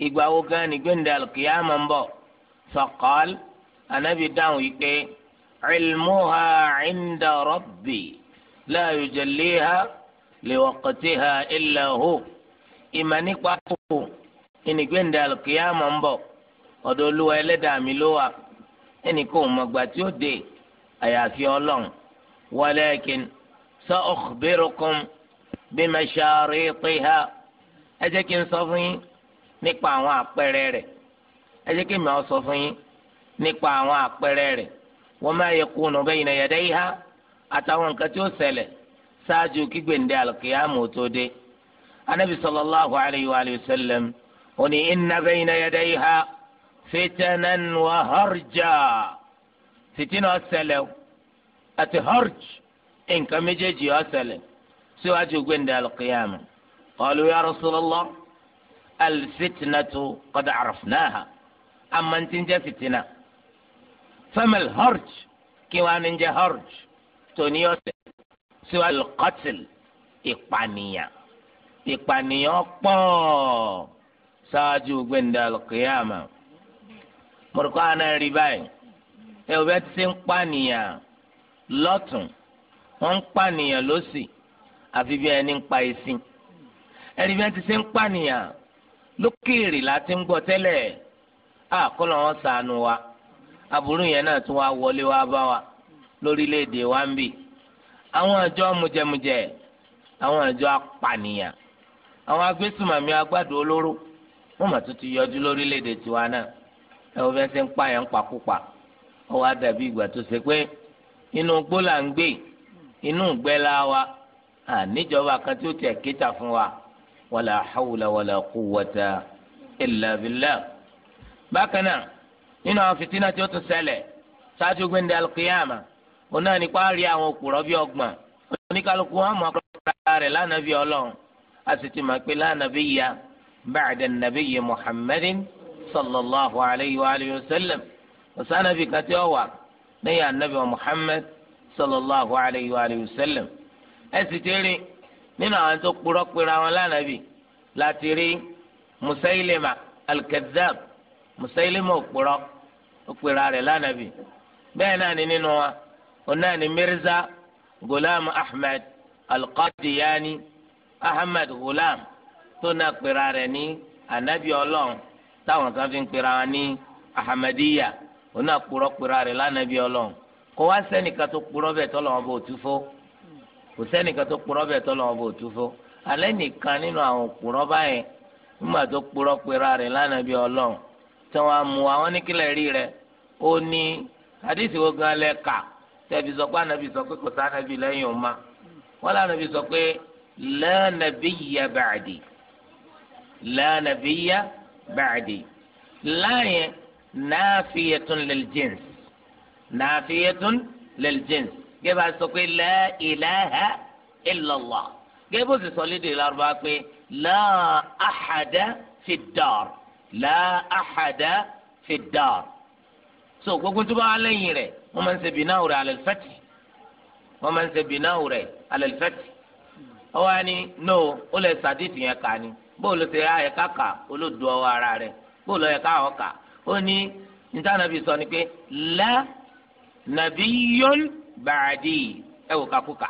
ìgbà wo gan ni gbẹ̀ndẹ̀ alkiyama ń bọ̀ faqal anabi dáhùn yìí pé ilmuha inda rabbi la yujalliha liwaqtiha illa hu ìmọ̀ nípa kókó ẹni gbẹ̀ndẹ̀ alkiyama ń bọ̀ ọ̀dọ̀ olúwa ẹlẹ́dàá mi ló wà ẹnì kò mọ̀ gbà tí ó dé àyàfi ọlọ́run walakin sa ukhbirukum bí mashariqiha ẹ jẹ́ kí n sọ fún yín nípa àwọn àpẹẹrẹ rẹ̀ ẹ jẹ́ kí n máa sọ fún yín nípa àwọn àpẹẹrẹ rẹ̀ wa ma yakunu bayna yadayha àtàwọn nǹkan tí ó ṣẹlẹ̀ ṣáájú kígbèǹde alùkìyàmù tó dé anabi sallallahu alayhi wa sallam ó ní inna bayna yadayha fitanan wa harja fitina ó ṣẹlẹ̀ àti nǹkan méjèèjì ó síwájú gbẹ̀ndẹ̀ alùkìyàmù qalu ya Rasulullah alfitinatu qad arafnaha amantinjẹ fitina famal harj kí wàá níjẹ harj tóní ọ̀sẹ̀ síwájú qatil ìpànìyàn ìpànìyàn pọ̀ sáájú gbẹ̀ndẹ̀ alùkìyàmù mọ̀rùkọ́ àná rí báyìí ẹ̀ ọ̀bẹ ti ń pànìyàn lọ́tún wọ́n ń pànìyàn lọ́sì. àfi bí ẹni ń pa ẹṣin ẹni bí wọn ti ṣe ń pànìyàn lókèèrè láti ń gbọ́ tẹ́lẹ̀ àkọlọ wọn sànù wa aburú yẹn náà tún wá wọlé wá bá wa lórílẹ̀-èdè wa ń bì àwọn àjọ mujẹmujẹ àwọn àjọ apànìyàn àwọn agbésùmàmí agbádùn olóró wọn mà tún ti yọjú lórílẹ̀ tiwa náà ẹ wọ́n fẹ́ ṣe ń pààyàn pakúpa ọwọ́ àdàbí ìgbà tó ṣe pé inú gbólà ń gbé inú ìgbẹ́ la wa. àníjọba kan tí ó tiẹ̀ kíta fún wa wàlà hawla wàlà quwwata illa billah. bákan náà nínú àwọn fìtínà tí ó tún ṣẹlẹ̀ ṣáájú gbẹ̀ndẹ̀ alqiyama òun náà nípa rí àwọn òkùrọ̀ bíi ọgbọ̀n oníkálukú wọn mọ akọ́kọ́ rẹ̀ lánàá bíi ọlọ́run a sì ti máa pe lánàá bíi ya ba'da nabiyyi muhammadin sallallahu alayhi wa sallam ọ̀sán nàbí kan tí ó wà lẹ́yìn muhammad sallallahu alayhi wa sallam. ẹ sì ti rí nínú àwọn tó kpọrọ kpẹrẹ àwọn lánàbì láti rí Musailima al-Kadhdhab Musailima òkpọrọ òkpẹrẹ rẹ lánàbì bẹ́ẹ̀ náà ni nínú wa ni Mirza Ghulam Ahmed al-Qadiyani Ahmed Ghulam tó náà kpẹrẹ rẹ ní anabi Ọlọ́run táwọn kan fi ń kpẹrẹ wọn ní Ahmadiyya ọ̀nà kpọrọ kpẹrẹ rẹ lánàbì Ọlọ́run kó wá tó kpọrọ bẹ́ẹ̀ bó tu kò sẹ́nìkan tó kpọ̀rọ̀ bẹ́ẹ̀ tọ́ lọ́wọ́ bò tú fún alẹ́ nìkan nínú àwọn kpọ̀rọ̀ báyẹn nígbà tó kpọ̀rọ̀ pera rẹ̀ lánàá bí ọlọ́run tí wọ́n mú àwọn níkílẹ̀ rí rẹ̀ ó ní àdìsí wo gan lẹ kà tẹ̀bi sọ pé ànàbì sọ pé kò sànàbì lẹ́yìn ọ̀ma wọ́n lànàbì sọ pé lánàbì yà bàdì lánàbì yà bàdì láàyè náà fi yẹtun lẹ́l jẹ́ns náà fi yẹtun lẹ́l jẹ́ns gẹ́gẹ́ bá sọ pé la ilaha illallah gẹ́gẹ́ bó sì sọ lédè lárúbá pé la ahada fi dar la ahada fi dar so gbogbo tó bá wà lẹ́yìn rẹ̀ wọ́n máa ń ṣe bìnnáwó rẹ̀ alẹ́ fẹ́tì wọ́n máa ń ṣe bìnnáwó rẹ̀ alẹ́ fẹ́tì ọwọ́ ni no ó lè sàdífì yẹn kà ni bóòlù ti ra kà olódù ọwọ́ ara rẹ̀ bóòlù ẹ̀ka ọ̀ kà ó ní níta nàbí sọ ni pé la nàbí yọ́n bàdí ẹ wò kakúkà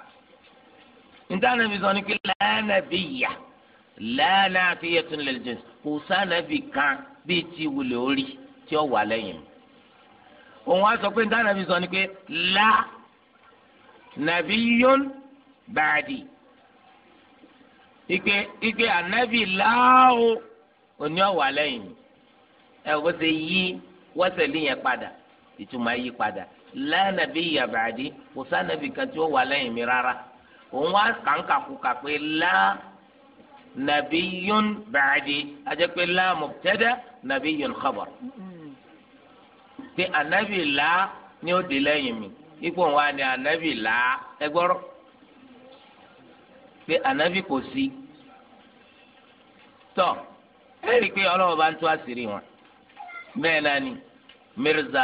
nítaná bí sọ ni pé lánà bí yà lánà àfihàn tún lè jẹ kò sánà bí kan bíi ti wulè orí tí ó wà lẹ́yìn mi òun á sọ pé nítaná bí sọ ni pé lá nàbí yón bàdí ike ike ànábì láàó òní ọ̀wà lẹ́yìn mi ẹ wọ́n ṣe yí wọ́sẹ̀ lé yẹn padà ìtumọ̀ yí padà la nabiyya ba'di kò sànàbì kan tí ó wà lẹ́yìn mi rárá òun wá kàńkà kú kà pé la nabiyyun ba'di ajẹ́ pé la mubtada nabiyyun khabar pé ànábì la ni ó di lẹ́yìn mi ipò wa ni ànábì la ẹ pé ànábì kò sí tọ́ ẹ rí i pé ọlọ́wọ́ bá ń tú àṣírí wọn bẹ́ẹ̀ náà ni mirza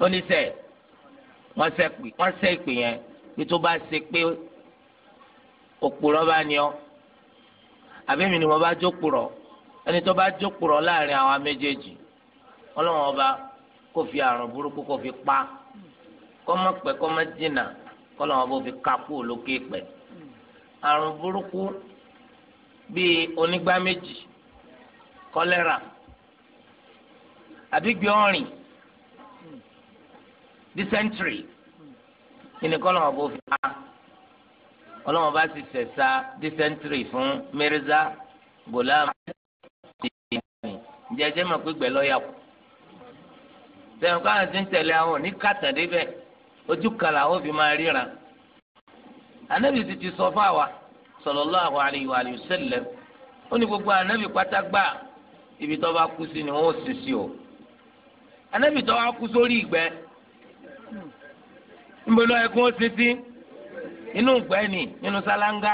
ó ní sẹ wọn sẹ pé wọn sẹ ìpè yẹn pé tó bá ṣe pé òpùrọ́ bá ní ọ àbẹ́mi ni mo bá jókòrọ̀ ẹni tó bá jókòrọ̀ láàrin àwọn méjèèjì ọlọ́wọ́n ọba kò fi àrùn burúkú kò fi pa kọ́mọ pẹ́ kọ́mọ dínà kọ́lọ́wọ́n ọba fi kakú lókè pẹ́ àrùn burúkú bíi onígbá méjì kọ́lẹ́rà àbí gbé ọ̀rìn dysentery kíni kọ́ lọ́wọ́ bó fi pa ọlọ́wọ́ bá ti sẹ̀sà dysentery fún Mirza Ghulam Dini jẹjẹ mọ̀ pé gbẹ̀lọ́ yà kú sẹ́yìn káwọn ti ń tẹ̀lé àwọn ní kàtàdé bẹ́ẹ̀ ojú Kala, làwọn fi máa ríran anabi ti ti sọ fún àwa sallallahu alayhi wa sallam ó ní gbogbo anabi pátá gbà ibi tó bá kú sí ni wọn ò sì sí o anabi tó bá kú sórí ìgbẹ́. nbọlọ ẹkún ó sisi inú gbẹ́ni nínú sálángá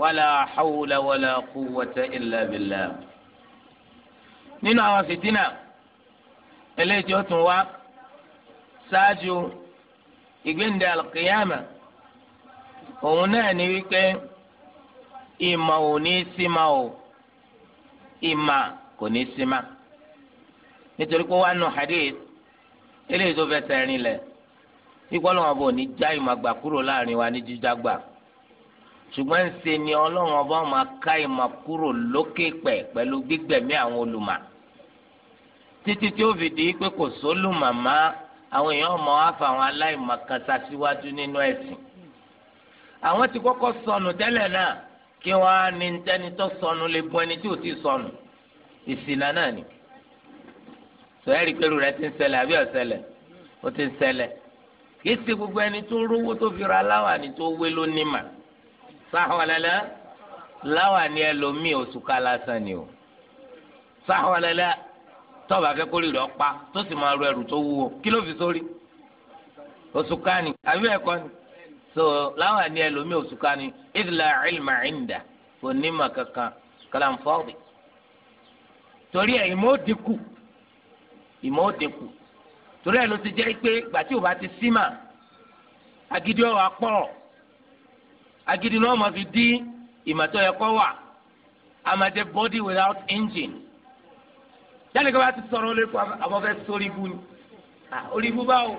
wàlà hawla wàlà quwwata illa billah nínú àwọn fìtínà eléyìí tún wá ṣáájú ìgbéǹde alqiyama òun náà ni wípé ìmọ̀ ò ní o ìmọ̀ kò ní eléyìí tó fẹ́ tẹ̀rín lẹ̀ ikú ọlọ́run ọba ò ní já ìmọ̀ àgbà kúrò láàrin wa ní jíjá gbà ṣùgbọ́n ṣe ni ọlọ́run ọba máa ká ìmọ̀ kúrò lókè pẹ̀ pẹ̀lú gbígbẹ̀mí àwọn olùmọ̀ títí tí ó fi di pé kò sólùmọ̀ má àwọn èèyàn mọ̀ wá fa àwọn aláìmọ̀ kan ṣaṣíwájú nínú ẹ̀sìn àwọn ti kọ́kọ́ sọnù tẹ́lẹ̀ náà kí wọ́n á ní tẹ́ni tó sọnù lè bu ẹni tí ò ti sọnù ìsìnà náà ni sọ ẹ́ rí pẹ̀lú rẹ ti ń ṣẹlẹ̀ àbí ọ̀sẹlẹ̀ ó ti ń ṣẹlẹ̀ kì í ṣe gbogbo ẹni tó rówó tó fi ra láwàní tó wé lónìí mà sáhọ́lẹ́lẹ́ láwàní ẹlòmíì òṣùká lásán ni o sáhọ́lẹ́lẹ́ tọ́ọ̀bù akẹ́kọ̀ọ́ rírọ̀ pa tó sì máa ro ẹrù tó wúwo kí ló fi sórí òṣùká ni àbí ẹ̀kọ́ ni so láwàní ẹlòmíì òṣùká ni ìdílà ìlmà ìndà onímọ̀ kankan kàlàǹfọ́ọ̀dì torí ẹ̀yìn mọ́ dínkù ìmọ̀ ó dínkù torí ẹ̀ ló ti jẹ́ pé ìgbà tí ò bá ti sí mà agídí ọ̀rọ̀ apọ̀ agídí náà máa fi dí ìmọ̀tọ́ yẹ kọ́ wà a máa jẹ body without engine jáde kí wọ́n ti sọ̀rọ̀ lórí fún abọ́fẹ́ sórí ibú ni orí ibú báwo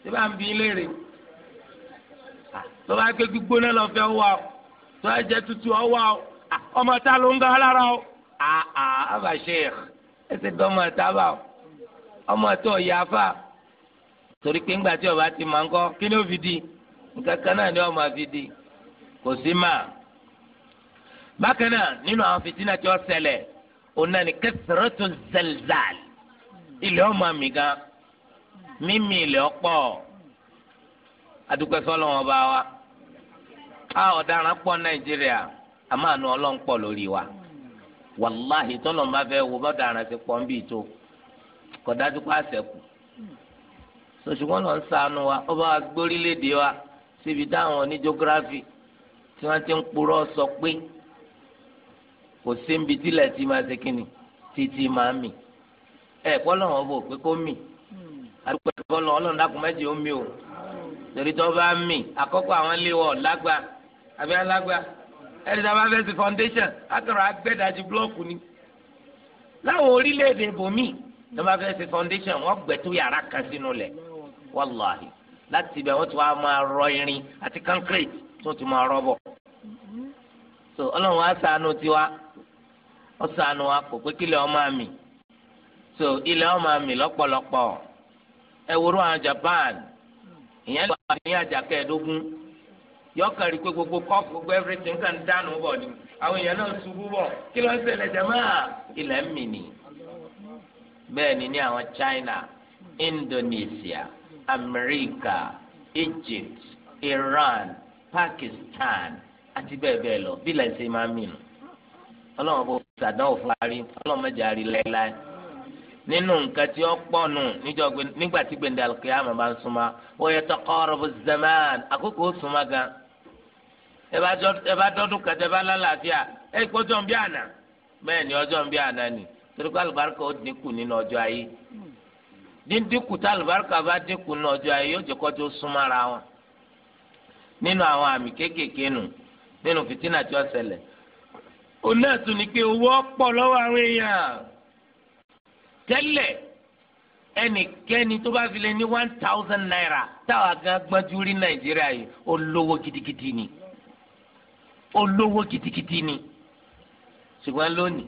ṣé bá ń bí léèrè tó bá ké gbígbóná lọ fẹ́ wà o tó bá jẹ tútù ọ wà o ọmọ ta ló ń ga lára o àbàṣe ẹsẹ̀ dọ́mọ̀ ta bá o. ọmọ àti yafa torí pé ńgbà tí ọba ti máa ń kí ni ó fi di nǹkan náà ni ọmọ fi di kò sí mà. bákan náà nínú àwọn fìtínà tí ó ṣẹlẹ̀ òun ni kẹsìrọ́tò zẹlzàl ilẹ̀ ọmọ mi ilẹ̀ wa wa wàláhì wo ti pọ̀ ń bì tó. kò dájú pé àṣẹkù sọṣùgbọ́n náà ń sànù wa ọba gbórílẹ̀-èdè wa síbi táwọn oníjógráfì tí wọ́n ti ń purọ́ sọ pé kò sí níbi tílẹ̀ tí máa ṣe kínni títí máa mì ẹ̀ kọ́ lọ́wọ́ bò pé kó mì àdúgbò ẹ̀kọ́ lọ́wọ́ ọlọ́run dákun méjì ó mì o torí tó bá mì àkọ́kọ́ àwọn léwọ̀ lágbà àbí alágbà ẹni tí a bá fẹ́ sí foundation àtọ̀rọ̀ agbẹ́dájú blọ́ọ̀kù ni láwọn orílẹ̀-èdè bòmíì tó bá foundation wọ́n gbẹ̀tú yàrá kan sínú lẹ̀ wàláhì láti ibẹ̀ wọ́n rọ irin àti concrete tó ti máa so ọlọ́run á sa tiwa ó ṣàánú wa kò pé kílẹ̀ ọmọ mi so ilẹ̀ ọmọ mi lọ́pọ̀lọpọ̀ ẹ Japan ìyẹn lọ àwọn ní àjàkẹ́ gbogbo gbogbo everything kan dànù bọ̀ ni àwọn èèyàn náà ṣubú bọ̀ kí ló ń ṣẹlẹ̀ bẹ́ẹ̀ ni ní àwọn China Indonesia Amerika, Egypt Iran Pakistan àti bẹ́ẹ̀ bẹ́ẹ̀ lọ bí lẹ́sẹ̀ máa ń mìíràn ọlọ́run bó sàdánwò fún ari ọlọ́run mẹ́jọ ari láéláé nínú nǹkan tí ó pọ̀ nígbà tí gbèndé alùkìyàmù bá ń súnmọ́ ó yẹ taqarabu zaman àkókò ó súnmọ́ gan ẹ bá dọ́dún kẹtẹ bá lálàáfíà ẹ kó ń bí àná bẹ́ẹ̀ ni ọjọ́ ń bí àná ni. torí pé alùbáríkà ó dínkù nínú ọjọ́ ayé díndínkù tá alùbáríkà bá dínkù nínú ọjọ́ ayé yóò jẹ́ kọ́jú súnmọ́ra wọn nínú àwọn àmì kéékèèké nù nínú fìtínà tí ó ṣẹlẹ̀ òun ni pé owó ọ̀pọ̀ lọ́wọ́ àwọn èèyàn tẹ́lẹ̀ ẹnikẹ́ni tó bá fi ní one thousand naira táwa gan gbọ́njú rí nàìjíríà yìí olówó gidigidi ni olówó gidigidi ni ṣùgbọ́n lónìí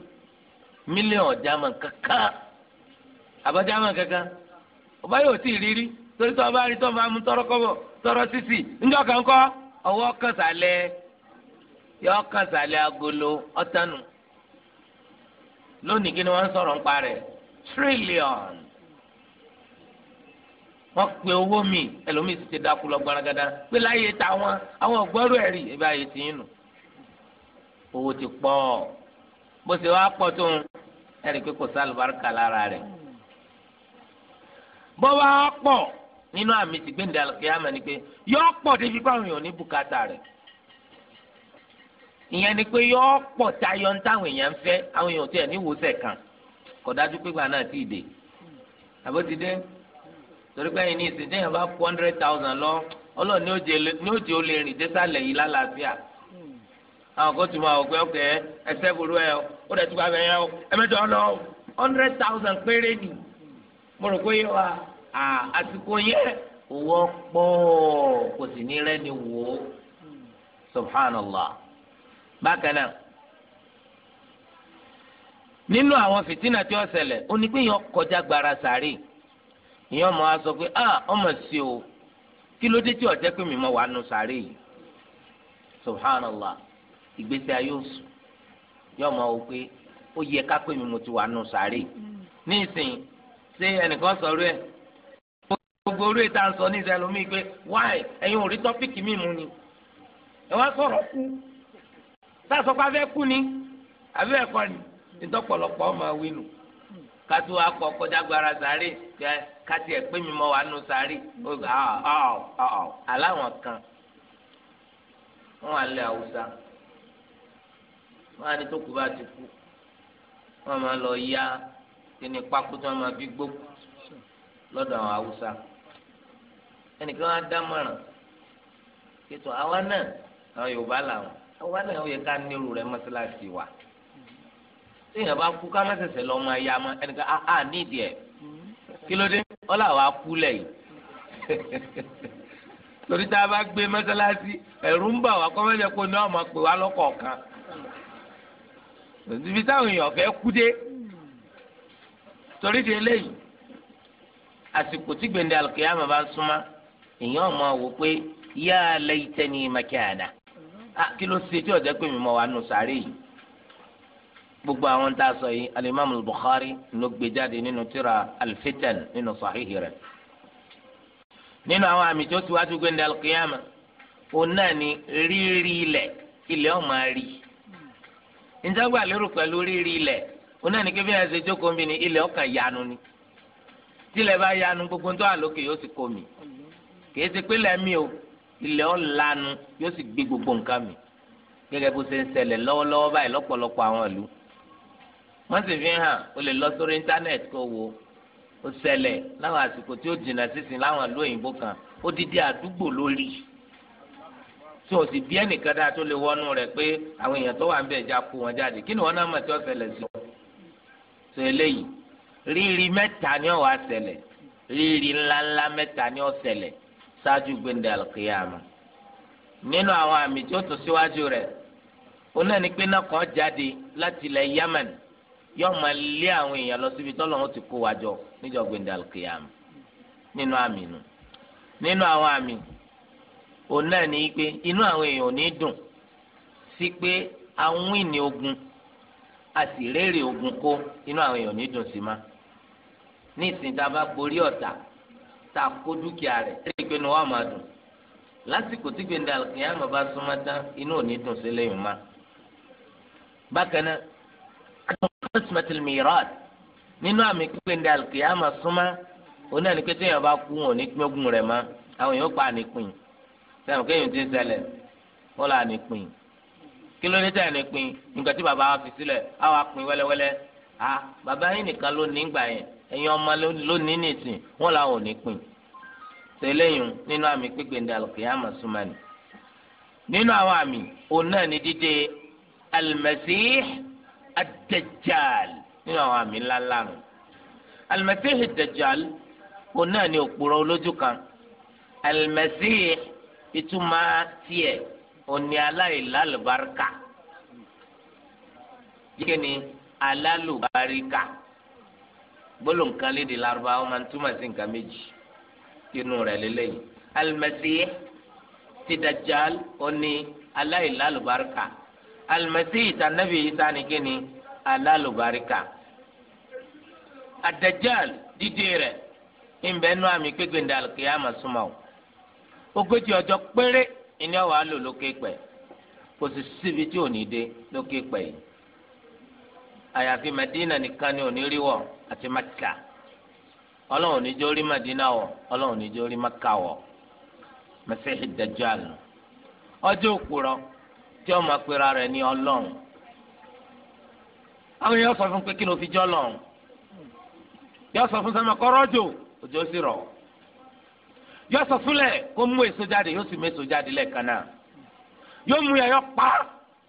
mílíọ̀n german kankan àbọ̀ german kankan ọba yóò tí ì rírí torí tó ọba rí tó ọba mú tọrọ kọ́bọ̀ tọrọ sísì ńjọ́ kan ọwọ́ agolo ọ̀tánu lónìí kí ni wọ́n ń sọ̀rọ̀ nípa rẹ̀ wọ́n pe owó mi ẹlòmíì sì ti dákú lọ gbaragada pé láyé wọn àwọn ọgbọ́rò bá ti yín nù ti pọ̀ bó ṣe ẹ̀rí pé kò sálùbáríkà lára rẹ̀. bọ́wá pọ̀ nínú àmì ti gbé ndàlù kí á mọ̀ ni pé yọ pọ̀ débi báwọn èèyàn ní bùkátà rẹ̀. ìyẹn ni pé yọ pọ̀ tayọ ń táwọn èèyàn ń fẹ́ àwọn èèyàn tiẹ̀ níwòsẹ̀ kan kò dájú pé gbà náà ti dé. àbó ti dé torí pé ẹ̀yin ní ìsìn téèyàn bá kó hundred thousand lọ ọlọ́ọ̀ ní òjì ó lè rìn désàlẹ̀ yìí lálàáfíà. àwọn kò tún máa wọ pé ọkẹ́ ẹsẹ́ burú ẹ ó dẹ̀ tún bá bẹ̀yẹ o ẹ̀mẹ́jọ lọ hundred thousand péré ni mo rò pé wa àsìkò yẹn owó pọ̀ kò sì ní rẹ́ni wò ó subhanallah bákan náà nínú àwọn fìtínà tí ó ṣẹlẹ̀ ó ní pé yẹn kọjá gbára sàárè ìyẹn ọmọ wa sọ pé ah ọmọ sí o kí ló dé tí ọ̀jẹ́ pé mi mọ̀ wà nù sàárè yìí subhanallah ìgbésí ayé òsùn yóò máa wò pé ó yẹ ká pé mi mo ti wà nù sàárè nísìnyí ṣé ẹnìkan sọ̀rọ̀ ẹ̀ gbogbo orí ìta sọ ní ìsẹ́lu mi pé wáì ẹ̀yin ò rí tọ́pìkì mi mu ni ẹ wá sọ̀rọ̀ kú sásọpá fẹ́ kú ni àbí ẹ̀kọ́ ni ìtọ́pọ̀lọpọ̀ ọmọ àwí nù kátó akọ kọjá gbára sàárè kẹ kátì ẹ̀ pé mi mọ wà nù sàárè aláwọn kan wọn wà lẹ wọn á ní tó kú bá ti kú wọn máa lọ ya kíni pákó tí wọn máa fi gbó lọ́dọ̀ àwọn haúsá ẹnìkan á dámọ̀ràn ètò àwa náà àwọn yorùbá làwọn àwa náà ó yẹ ká nírú rẹ̀ mọ́sálásí wa téèyàn bá kú ká má ṣẹ̀ṣẹ̀ lọ máa ya máa ẹnìkan á ah, á ah, nídìí ẹ kí ló dé ọlọ àwa kú lẹ́yìn torí tá a bá gbé mọ́sálásí ẹ̀rù ń bà wá kọ́ kó ní ọmọ pè wá lọ́kọ̀ọ̀kan ibi táwọn èèyàn fẹ́ kú dé torí di eléyìí àsìkò tí gbèndé alùkìyàmà bá súnmọ́ èèyàn máa wò pé yá a lẹ ìtẹ́ni mẹ́kẹ́àdà ah, kí ló ṣe tí ọ̀jẹ́ pé mi mọ̀ wá nù sáré yìí gbogbo àwọn tá a sọ yìí alimami Bukhari ló gbé jáde nínú tírà alfitan nínú sàhíhì rẹ̀ nínú àwọn àmì tó ti wá tó gbèndé alùkìyàmà òun ni rírí ilẹ̀ ilẹ̀ ọ̀ máa rí i ìjọba lérò pẹ̀lú rírì ilẹ̀ òun náà ní kí bí ẹ ṣe jókòó mi ní ilẹ̀ ọkàn yanu ni tílẹ̀ bá yanu gbogbo tó wà lókè yóò sì kó mi kì í ṣe pé lẹ́mí o ilẹ̀ ọ̀ lanu yóò sì gbé gbogbo nǹkan mi gẹ́gẹ́ bó ṣe ń ṣẹlẹ̀ lọ́wọ́lọ́wọ́ báyìí lọ́pọ̀lọpọ̀ àwọn ìlú wọ́n sì fi hàn o lè lọ sórí íńtánẹ́ẹ̀tì kó wo ó ṣẹlẹ̀ láwọn àsìkò tí ó jìnnà sísìn láwọn ìlú òyìnbó kan ó dídí àdúgbò lórí tí o sì bí ẹnìkan dáa tó lè wọnú rẹ̀ pé àwọn èèyàn tó wà ń bẹ̀ já kó wọn jáde kí ni wọn náà mọ̀ tí wọ́n fẹlẹ̀ sí ọ. sọ eléyìí rírì mẹ́ta ni ó wá ṣẹlẹ̀ rírì ńláńlá mẹ́ta ni ó ṣẹlẹ̀ ṣáájú gbẹ̀ndẹ̀ àlùkìyàmù. nínú àwọn àmì tí ó tún síwájú rẹ̀ ó náà ní pé náà kàn jáde láti ilẹ̀ Yemen yóò máa lé àwọn èèyàn lọ síbi tọ́lọ́run ti kó wájọ níjọ́ gbẹ̀ndẹ̀ àlùkìyàmù nínú àmì nù nínú àwọn àmì òun náà ní pé inú àwọn èèyàn ò ní dùn sí pé àwọn ìní ogun a sì rèrè ogun kó inú àwọn èèyàn ò ní dùn sí ma ní ìsìn tá a bá borí ọ̀tá tá a kó dúkìá rẹ̀ lẹ́yìn pé inú wa máa dùn lásìkò tí gbẹ̀ndà kìyàmọ̀ bá súnmọ́ tán inú ò ní dùn sí lẹ́yìn ma bákan náà qismatul mirat nínú àmì pípéǹde alkiyama súnmọ́ oní àníkété yẹn bá kú wọn ní pínpín ogun rẹ̀ mọ́ àwọn yóò pa ànípín sẹ́wọ̀n kéèyàn ti ń ṣẹlẹ̀ wọ́n là ní pin kí ló ní tẹ̀ ní pin nígbà tí bàbá wa fi sílẹ̀ á wa pin wẹ́lẹ́wẹ́lẹ́ à bàbá yín nìkan ló ní gbà yẹn ẹ̀yin ọmọ ló ní nìsín wọ́n là ò ní pin tẹ̀léyìn nínú àmì pípé ndàlùkì àmà súnmọ́ni nínú àwọn àmì òun náà ní dídé al-Masih ad-Dajjal nínú àwọn àmì ńláńlá nù al-Masih ad-Dajjal òun náà ní òpùrọ̀ olójú kan al-Masih ìtumọ̀ tiẹ̀ òní aláìlálùbáríkà yíké ni alálùbáríkà gbólóǹkan lédè Lárúbáwá máa ń túmọ̀ sí nǹkan méjì inú rẹ̀ lélẹ́yìn alimẹ́síyẹ́ ti dajjal òní aláìlálùbáríkà alimẹ́síyẹ́ ti Ànábì Ìsá ni kí ni alálùbáríkà adajjal dídé rẹ̀ ń àmì pé gbẹ̀ndàlùkì ogójì ọjọ péré ìní ọwọ àlò lókè pẹ kò sì síbi tí dé lókè pẹ yìí ni òní rí wọ àti Maka Ọlọ́run ò ní jẹ́ Madina wọ Ọlọ́run ò ala. Ọjọ Maka wọ Masihi Dajjal ọjọ́ òkúrọ tí ọmọ apẹ̀rẹ̀ rẹ̀ ní Ọlọ́run àwọn sọ fún fi sọ fún òjò sì rọ. yóò sọ fúnlẹ̀ kó mú èso jáde yóò sì mú èso jáde lẹ́ẹ̀kan náà yóò mú yẹn yóò pa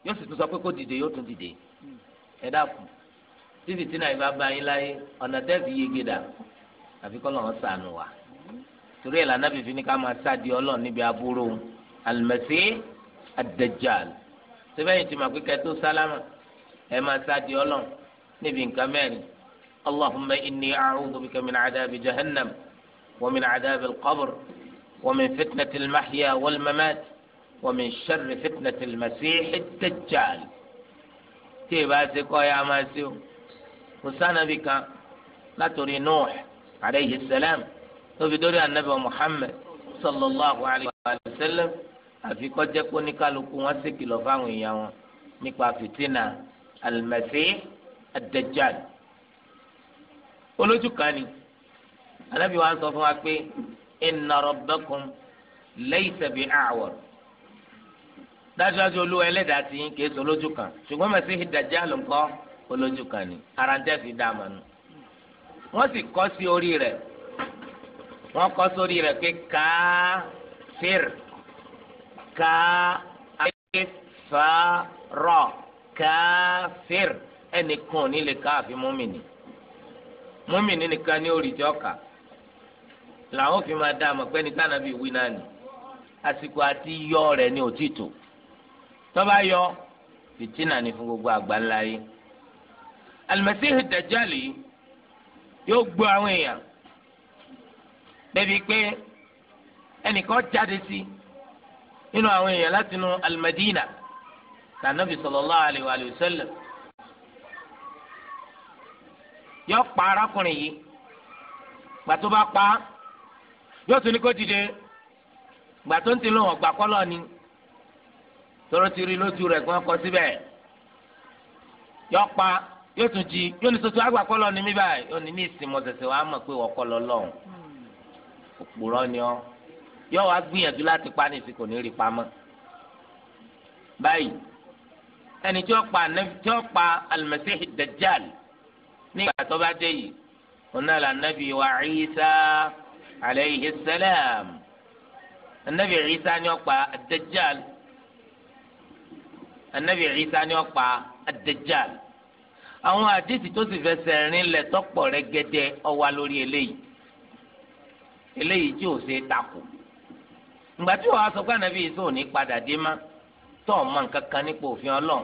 yóò sì tún sọ pé kó dìde yóò tún dìde ẹ dákun títí tí náà ìbá bá yín láyé ọ̀nà dẹ́ẹ̀fì yege dà àfi kọ́ lọ́wọ́ sànù wa torí ẹ̀ lànà fífi ní ká máa sáàdì ọlọ́run níbi aburú alimẹ̀sí adajal sẹ́fẹ̀yìn tí ma kẹ́tó sálámà ẹ̀ máa sáàdì ọlọ́run níbi nǹkan mẹ́rin allahumma inni a'udhu bika adabi jahannam. ومن عذاب القبر ومن فتنة المحيا والممات ومن شر فتنة المسيح الدجال كيف سيكو يا ماسيو وسانا بك لا تري نوح عليه السلام وفي دوري النبي محمد صلى الله عليه وسلم àfi kọjá kó ní kálukú wọn يوم kìlọ̀ fáwọn èèyàn wọn nípa fìtínà anabi wa sọ fún wa pé inna rabbakum laysa bi a'war dájúdájú olúwa ẹlẹ́dàá ti yín kì í sọ lójú kan ṣùgbọ́n mẹ́sìlẹ̀ dajjal ńkọ́ olójú kan ni arantẹ́ fi dá àmàlù wọ́n sì kọ́ sí orí rẹ̀ wọ́n kọ́ sórí rẹ̀ pé káfíìr káfíìrọ̀ káfíìr ẹnìkan ò ní lè káàfin múmìnì múmìnì nìkan ní oríjọ́ kà làwọn fi máa dá àmọ̀ pé ní tànàbí wí náà nì. àsìkò àti yọ rẹ̀ ni òtítọ́ tọ́ba yọ fìtínà ni fún gbogbo àgbáńlá yìí alimasihi dajali yóò gbọ́ àwọn èèyàn bẹ́ẹ̀bi pé ẹnìkan jáde sí nínú àwọn èèyàn láti nu alimadina tànàbí sallallahu alaihi wa sallam yọ pa arákùnrin yìí gbàtó bá pa á. yóò tún ní kó dìde gbà tó ń ti lóhùn ọgbà kọ́lọ́ ni tọ́rọ ti rí lójú rẹ̀ gbọ́n kọ síbẹ̀ yọ pa yóò tún jí yóò ní tuntun àgbà kọ́lọ́ ni mí báyìí yóò ní ní ìsìnmọ̀ tẹ̀sẹ̀ wàá mọ̀ pé wọ́n kọ́lọ́ lọ́hùn òpùrọ́ ni ọ́ yóò wá gbìyànjú láti pa ní ìsìn ní rí pamọ́ báyìí ẹni tí ó pa tí ó pa alimẹsíhì dajjal nígbà tó bá dé yìí ọ̀nà lànà bíi wà عليه السلام النبي عيسى ni الدجال النبي عيسى anabi الدجال ni ó pa adajal àwọn àdìsí tó sì fẹsẹ̀ rìn lẹ̀ tọ́pọ̀ rẹ gẹ́dẹ́ ó wà lórí eléyìí eléyìí tí ò ṣe takò ìgbà tí wàá sọ pé anabi Isa ò ní padà dé má tó ọmọ nǹkan kan nípa òfin Ọlọ́run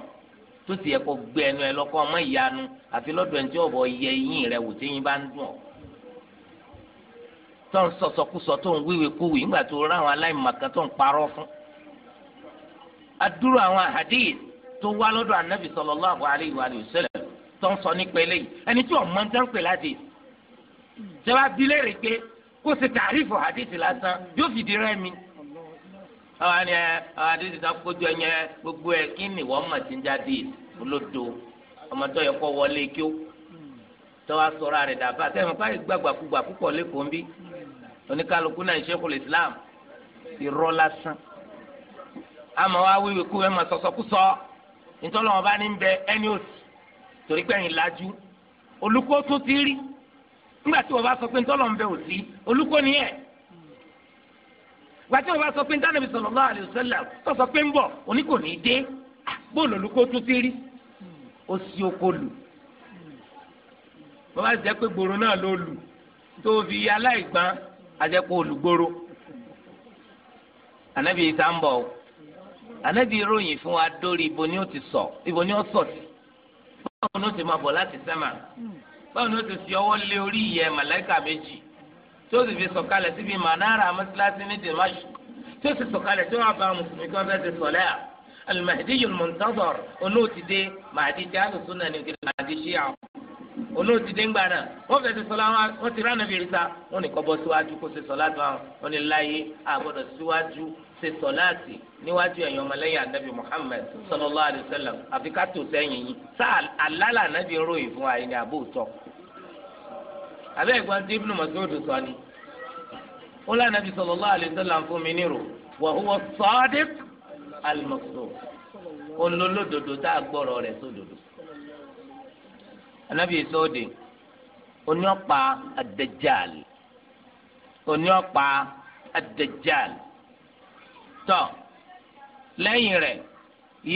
tó sì yẹ kó gbé ẹnu ẹ lọ́kọ́ ọmọ ìyanu àfi lọ́dọ̀ ẹni tí ọ̀bọ yẹ eyín rẹ wò tí eyín bá ń dùn ọ́ tó ń sọ̀sọ̀kúsọ tó ń wíwèé kúwì ńgbà tó ráwọn aláìmọ̀kan tó ń parọ́ fún. adúrò àwọn hadith tó wá lọ́dọ̀ anabi sallallahu alayhi wa sallam tó ń sọ nípa eléyìí ẹni tí ọ̀mọ́ ń dánpẹ̀ láti jẹba bílẹ̀ rẹ̀ pé kó ṣe tàrífù hadith lásán yóò fìdí rẹ́mi. àwọn ni àwọn hadith tó kójú ẹ yẹn gbogbo ẹ kí ni wọ́n mọ̀ sí ń jáde olódo ọmọdé yẹ kọ́ wọlé kí ó tọ́wọ́ sọ̀rọ̀ àrẹ̀dàbà sẹ́wọ̀n káyọ̀ gbàgbà kúgbà púpọ̀ lẹ́kọ̀ọ́ bí oníkálukú náà Sheikhul Islam irọ́ lásán àmọ́ wá wíwí kú ẹ̀ máa sọ̀sọ́kúsọ nítorí wọn bá ní bẹ ẹni òsì torí pé ẹ̀yìn lajú olùkọ́ tó ti rí nígbà tí wọn bá sọ pé nítorí wọn bẹ òsì olùkọ́ ni ẹ̀ gbàtí wọn bá sọ pé nítorí wọn sallallahu alaihi wasallam tó sọ pé ń bọ̀ òní kò ní dé ah, bóòlù olùkọ́ tó ti rí òsì okòlù bàbá jẹ́ pé gbòòrò náà ló lù tó fi aláìgbọ́n ajẹ́pọ̀ olùgbòrò ànábì yìí tá ń o ànábì ìròyìn fún wa dórí ibo ni ó ti sọ ibo ni ó sọ sí báwo ni ó ti máa bọ̀ láti sẹ́mà báwo ni ó ti fi ọwọ́ lé orí ìyẹ́ màláìkà méjì tí ó sì fi sọ̀kalẹ̀ síbi mànára mọ́sálásí ní dèmáṣù tí ó sì sọ̀kalẹ̀ tí wọ́n bá mùsùlùmí kí wọ́n fẹ́ ti sọ̀lẹ́ à alimahidi yunmọ̀ntàdọ̀r onóòtìdé màdìjà àlùsùn náà ní òkèlè màdìjà àwọn olóòtú déngbà náà wọ́n fẹ́ẹ́ ti sọ láwọn wọ́n ti ránà bìrì sa wọ́n ní kọ́bọ́ síwájú kó ṣe sọ́láàtì àwọn wọ́n ní láyé àgbọ̀dọ̀ síwájú ṣe sọ́láàtì níwájú ẹ̀yàn ọmọlẹ́yìn anabi Muhammad sallallahu alaihi wasallam àfi ká tó sẹ́yìn yín sá àlálà anabi ròyìn fún àyìn ní àbóòtọ́ abẹ́ ìgbọ́n tí Ibn Mas'ud sọ ni ó lànàbi sallallahu alaihi wasallam fún mi nírò wa huwa sadiq al-masduq olólódodo tá a gbọ́rọ̀ rẹ̀ sódodo. So anabi sóde oní ọ̀pá adajal oní ọ̀pá adajal tọ́ lẹ́yìn rẹ̀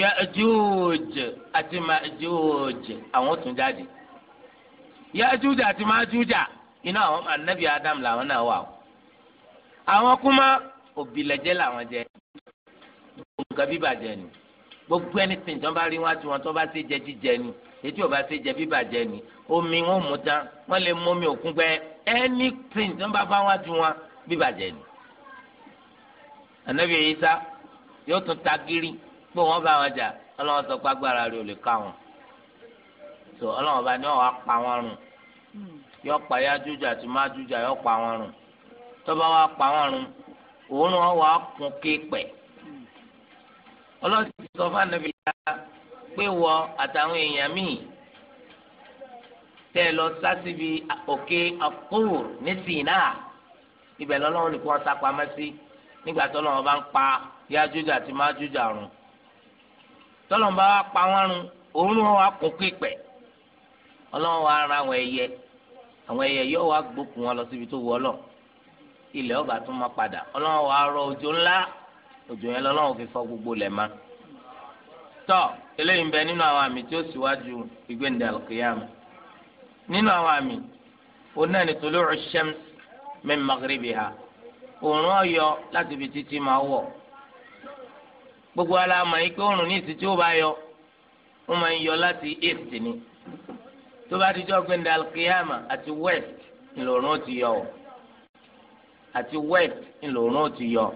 Ya'juj àti Ma'juj àwọn tún jáde Ya'juj àti Ma'juj iná àwọn anabi adam làwọn náà wà o àwọn kúmá òbílẹ̀jẹ́ làwọn jẹ gbogbo nǹkan bíbàjẹ́ ni gbogbo ẹni tí nǹkan bá rí wọn àti wọn tó bá ṣe jẹ jíjẹ ni ètí ò bá ṣe jẹ bíbàjẹ́ ni omi wọn mú tán wọn lè mú omi òkun gbẹ anything tí wọn bá bá wá ju wọn bíbàjẹ́ ni. ànábì Ìsá yóò tún ta gírí pé wọn bá wọn jà ọlọ́wọ́n sọ pé agbára ò lè ká wọn so ọlọ́wọ́n bá ní ọ̀ wá pa wọn rùn yọ pa Yájújà àti Májújà yọ pa wọn rùn tọ́ba wa pa wọn rùn òórùn wọn wà á kún sọ fún ànábì Ìsá pé wọ àtàwọn èèyàn míì tẹ́ lọ sásìbi òkè ọkùnrin ní Sínà ibẹ̀ lọ́lọ́run nìkan sá pamọ́ sí nígbà tó lọ́wọ́ bá ń pa Yájúj àti Májúj run tọ́lọ́n bá wá pa wọ́n run òun wọn wá kún pípẹ́ ọlọ́run wá ra àwọn ẹyẹ àwọn ẹyẹ yóò wá gbókùn wọn lọ síbi tó wọ́ lọ ilẹ̀ ọba tún má padà ọlọ́run wá rọ òjò ńlá òjò yẹn lọ́lọ́run fi fọ gbogbo lẹ̀ máa tọ́ eléyìí ń bẹ nínú àwọn àmì tí ó síwájú ìgbéǹde alqiyama nínú àwọn àmì òun náà ni tulu ash-shams min maghribiha òòrùn ọ̀yọ́ láti ibi títí máa wọ̀ gbogbo aláàmà yìí pé òòrùn ní ìsìn tí ó bá yọ ó máa ń yọ láti east ni tó bá ti jọ gbéǹde alqiyama àti west ńlọrọrùn ti yọ àti west ńlọrọrùn ti yọ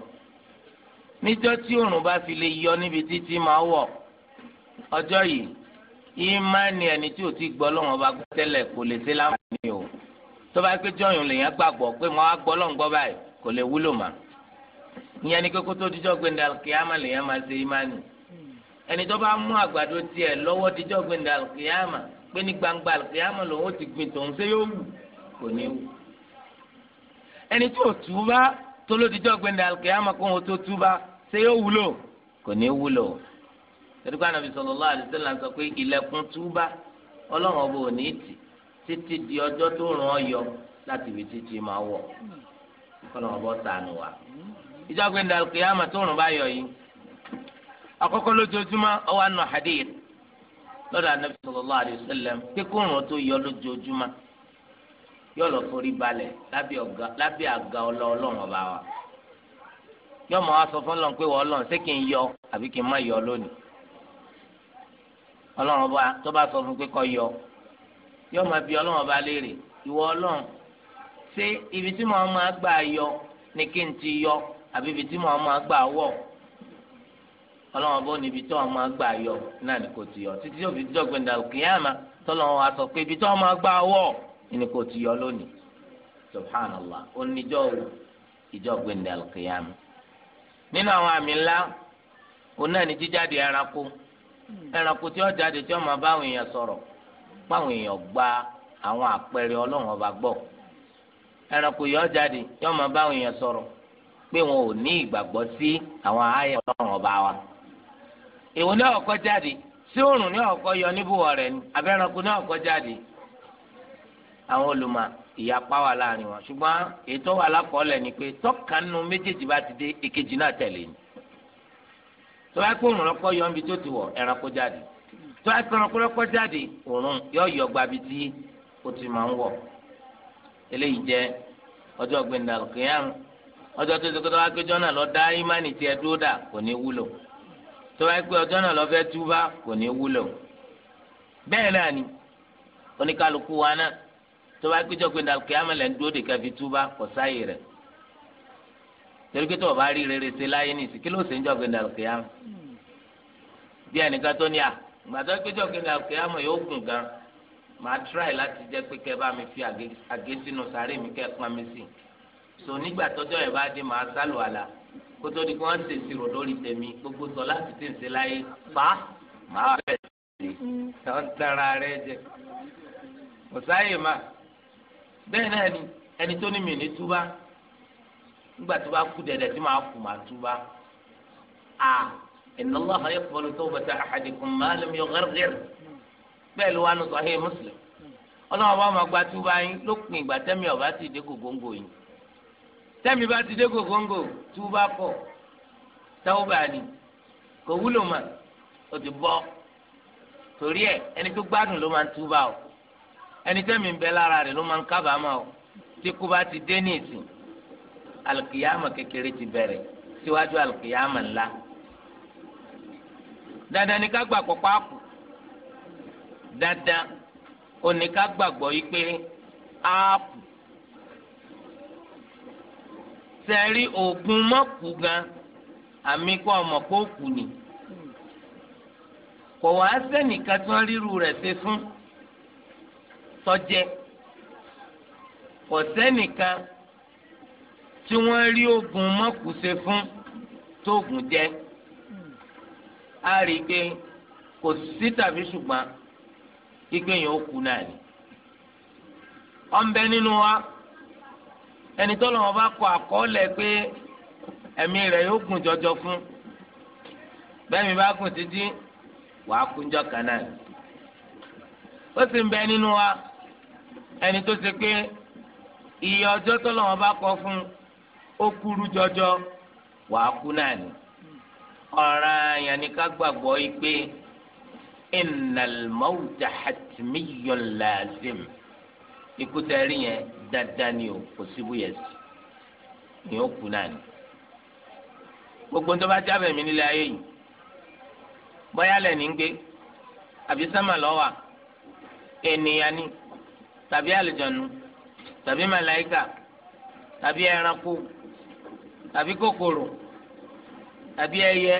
níjọ́ tí òòrùn bá fi lè yọ níbi títí máa wọ̀ ọjọ́ yìí ìmánì ẹni tí ò ti gbọ́ lọ́wọ́ bá gbọ́ tẹ́lẹ̀ kò lè ṣe láǹfààní o tó bá pé jọyún lèèyàn gbàgbọ́ pé mo á gbọ́ lọ́wọ́ gbọ́ báyìí kò lè wúlò mà ìyẹn ni kókó tó dijọ́ gbẹ̀ndà kìámà lèèyàn máa ṣe ìmánì ẹni tó bá mú àgbàdo tiẹ̀ lọ́wọ́ dijọ́ gbẹ̀ndà kìámà pé ní gbangba kìámà lòun ó ti gbìn tòun ṣé yóò wù kò ní wù ẹni tí túbá tó ló dijọ́ gbẹ̀ndà kìámà kó edukwa pé anabi sallallahu alaihi wasallam sọ pé ilẹ̀kùn túbá ọlọ́run ọba ò ní di ọjọ́ tó ràn ọ́ láti ibi títí máa wọ̀ ọlọ́run ọba sànù wa. ìjọba ìdàlù kìyàmà tó rùn bá yìí àkọ́kọ́ lójoojúmọ́ ọwọ́ àna lọ́dọ̀ pé yọ lójoojúmọ́ yóò lọ forí balẹ̀ lábẹ́ àga ọlọ́run ọba wa yóò wá sọ fún ọlọ́run ọlọ́run t'ọba tó bá sọ fún pé kọ́ yọ yọ máa bí ọlọ́run bá léèrè ìwọ ọlọ́run ibi tí màá máa gbà yọ ni kí n ti yọ àbí ibi tí màá máa gbà wọ̀ ọlọ́run níbi tí wọ́n máa gbà yọ náà ni kò ti yọ títí dọ́gbìn dà òkè ma tọ́lọ́run wa sọ pé ibi tí wọ́n máa gbà kò ti yọ lónìí subhanallah dà òkè nínú ẹranko tí ó jáde tí ó máa bá àwọn èèyàn sọ̀rọ̀ páwọn èèyàn gba àwọn àpẹẹrẹ ọlọ́run ọba gbọ́ ẹranko yìí ó jáde tí ó máa bá àwọn èèyàn sọ̀rọ̀ pé wọn ò ní ìgbàgbọ́ sí àwọn ààyè ọlọ́run ọba wa èwo ní ọ̀kọ́ jáde sí òrùn ní ọ̀kọ́ yọ níbùwọ̀ rẹ̀ ni abẹ́ranko ní ọ̀kọ́ jáde àwọn olùmọ̀ ìyapa wà láàrin wọn ṣùgbọ́n ètò wà lákọọ́lẹ̀ ni pé tọ́kànnú méjèèjì bá ti dé èkejì náà tẹ̀lé ni tó bá kó òrùn lọ́kọ́ yọ níbi tó ti wọ̀ ẹranko jáde tó kó ẹranko lọ́kọ́ jáde òrùn yọ yọ gba tí ti máa ń wọ̀ eléyìí jẹ́ ọjọ́ gbẹ̀ndà kìíyàn ọjọ́ tó ti kọ́tọ́ wá pé jọ́nà lọ dá ìmánì tiẹ̀ dúró dà kò ní wúlò tó pé ọjọ́ náà lọ fẹ́ túbá kò ní wúlò bẹ́ẹ̀ náà ni oníkálukú wa náà pé torí pé tó o bá rí rere ṣe láyé nìsí kí ló ṣe ń jọ gbẹndà kìámù bí ẹnìkan tó ní à gbàtọ́ pé jọ gbẹndà kìámù yóò gùn gan màá tíráì láti jẹ́ pé kẹ́ bá mi fi àgé sínú sàárè mi kẹ́ pọn mi sí so nígbà tọ́jọ́ yẹn bá dé màá sálò àlà kó tó di kí wọ́n ṣe ìṣirò lórí tèmi gbogbo sọ láti tè ṣe láyé fa màá bẹ̀ ṣe tọ́ rẹ jẹ kò sáyè má bẹ́ẹ̀ náà ni ẹni tó ní mi ní túbá nígbà tó bá kú dẹ̀dẹ̀ tí màá kú màá túbá a inna Allaha yaqbalu tawbata ahadikum ma lam yugharghir bẹ́ẹ̀ ló wà ní Sahih Muslim ọlọ́wọ́ bá ma gba túbá yín lópin ìgbà tẹ́mi ọ̀bá ti dé gògóńgò yín tẹ́mi bá ti dé gògóńgò túbá kọ̀ tawba ni kò wúlò mà ó ti bọ́ torí ẹ ẹni tó gbádùn ló máa ń túbà o ẹni tẹ́mi ń bẹ lára rẹ̀ ló máa ń kábàámà o tí kú bá ti dé ní ìsìn alùkìyàmà kékeré ti bẹ̀rẹ̀ síwájú alùkìyàmà ńlá dandan ni ká gbà pọ̀pọ̀ àpò dandan òní ká gbàgbọ́ yìí pé àpò sẹ́rí òògùn mọ́kù gan àmì kọ́ ọmọ kó kù ni kò wá sẹ́nìkan tí wọ́n ríru rẹ̀ ṣe fún tọ́jẹ́ kò sẹ́nìkan. So tí wọ́n rí oògùn mọ́kùsẹ̀ fún tóògùn jẹ́ á rí i pé kò sí tàbí ṣùgbọ́n igbe yẹn ó kú náà ni. ọ̀nbẹ nínú wa ẹni tó lọ́wọ́ bá kọ àkọọ́lẹ̀ pé ẹ̀mí rẹ̀ yóò gùn jọjọ fún bẹ́ẹ̀ mi bá gùn títí wàá kúnjọ kan náà ni. ó sì ń bẹ nínú wa ẹni tó ṣe pé iye ọjọ́ tó lọ́wọ́ bá kọ fún un ó kúrú jọjọ wàá kú náà ni ọ̀ràn yẹn ni ká gbàgbọ́ yìí pé innal mawta hatmiyyun ikú tẹ̀rí yẹn dandan ni o kò síbú yẹn sí ni ó kú náà ni gbogbo ń tó bá jábẹ̀ mí nílé ayé yìí bóyá lẹ̀ ń gbé àbí sámà lọ́wà ènìyàn ni tàbí àlùjọ̀nù tàbí màláìkà tàbí ẹranko àbí kòkòrò àbí ẹyẹ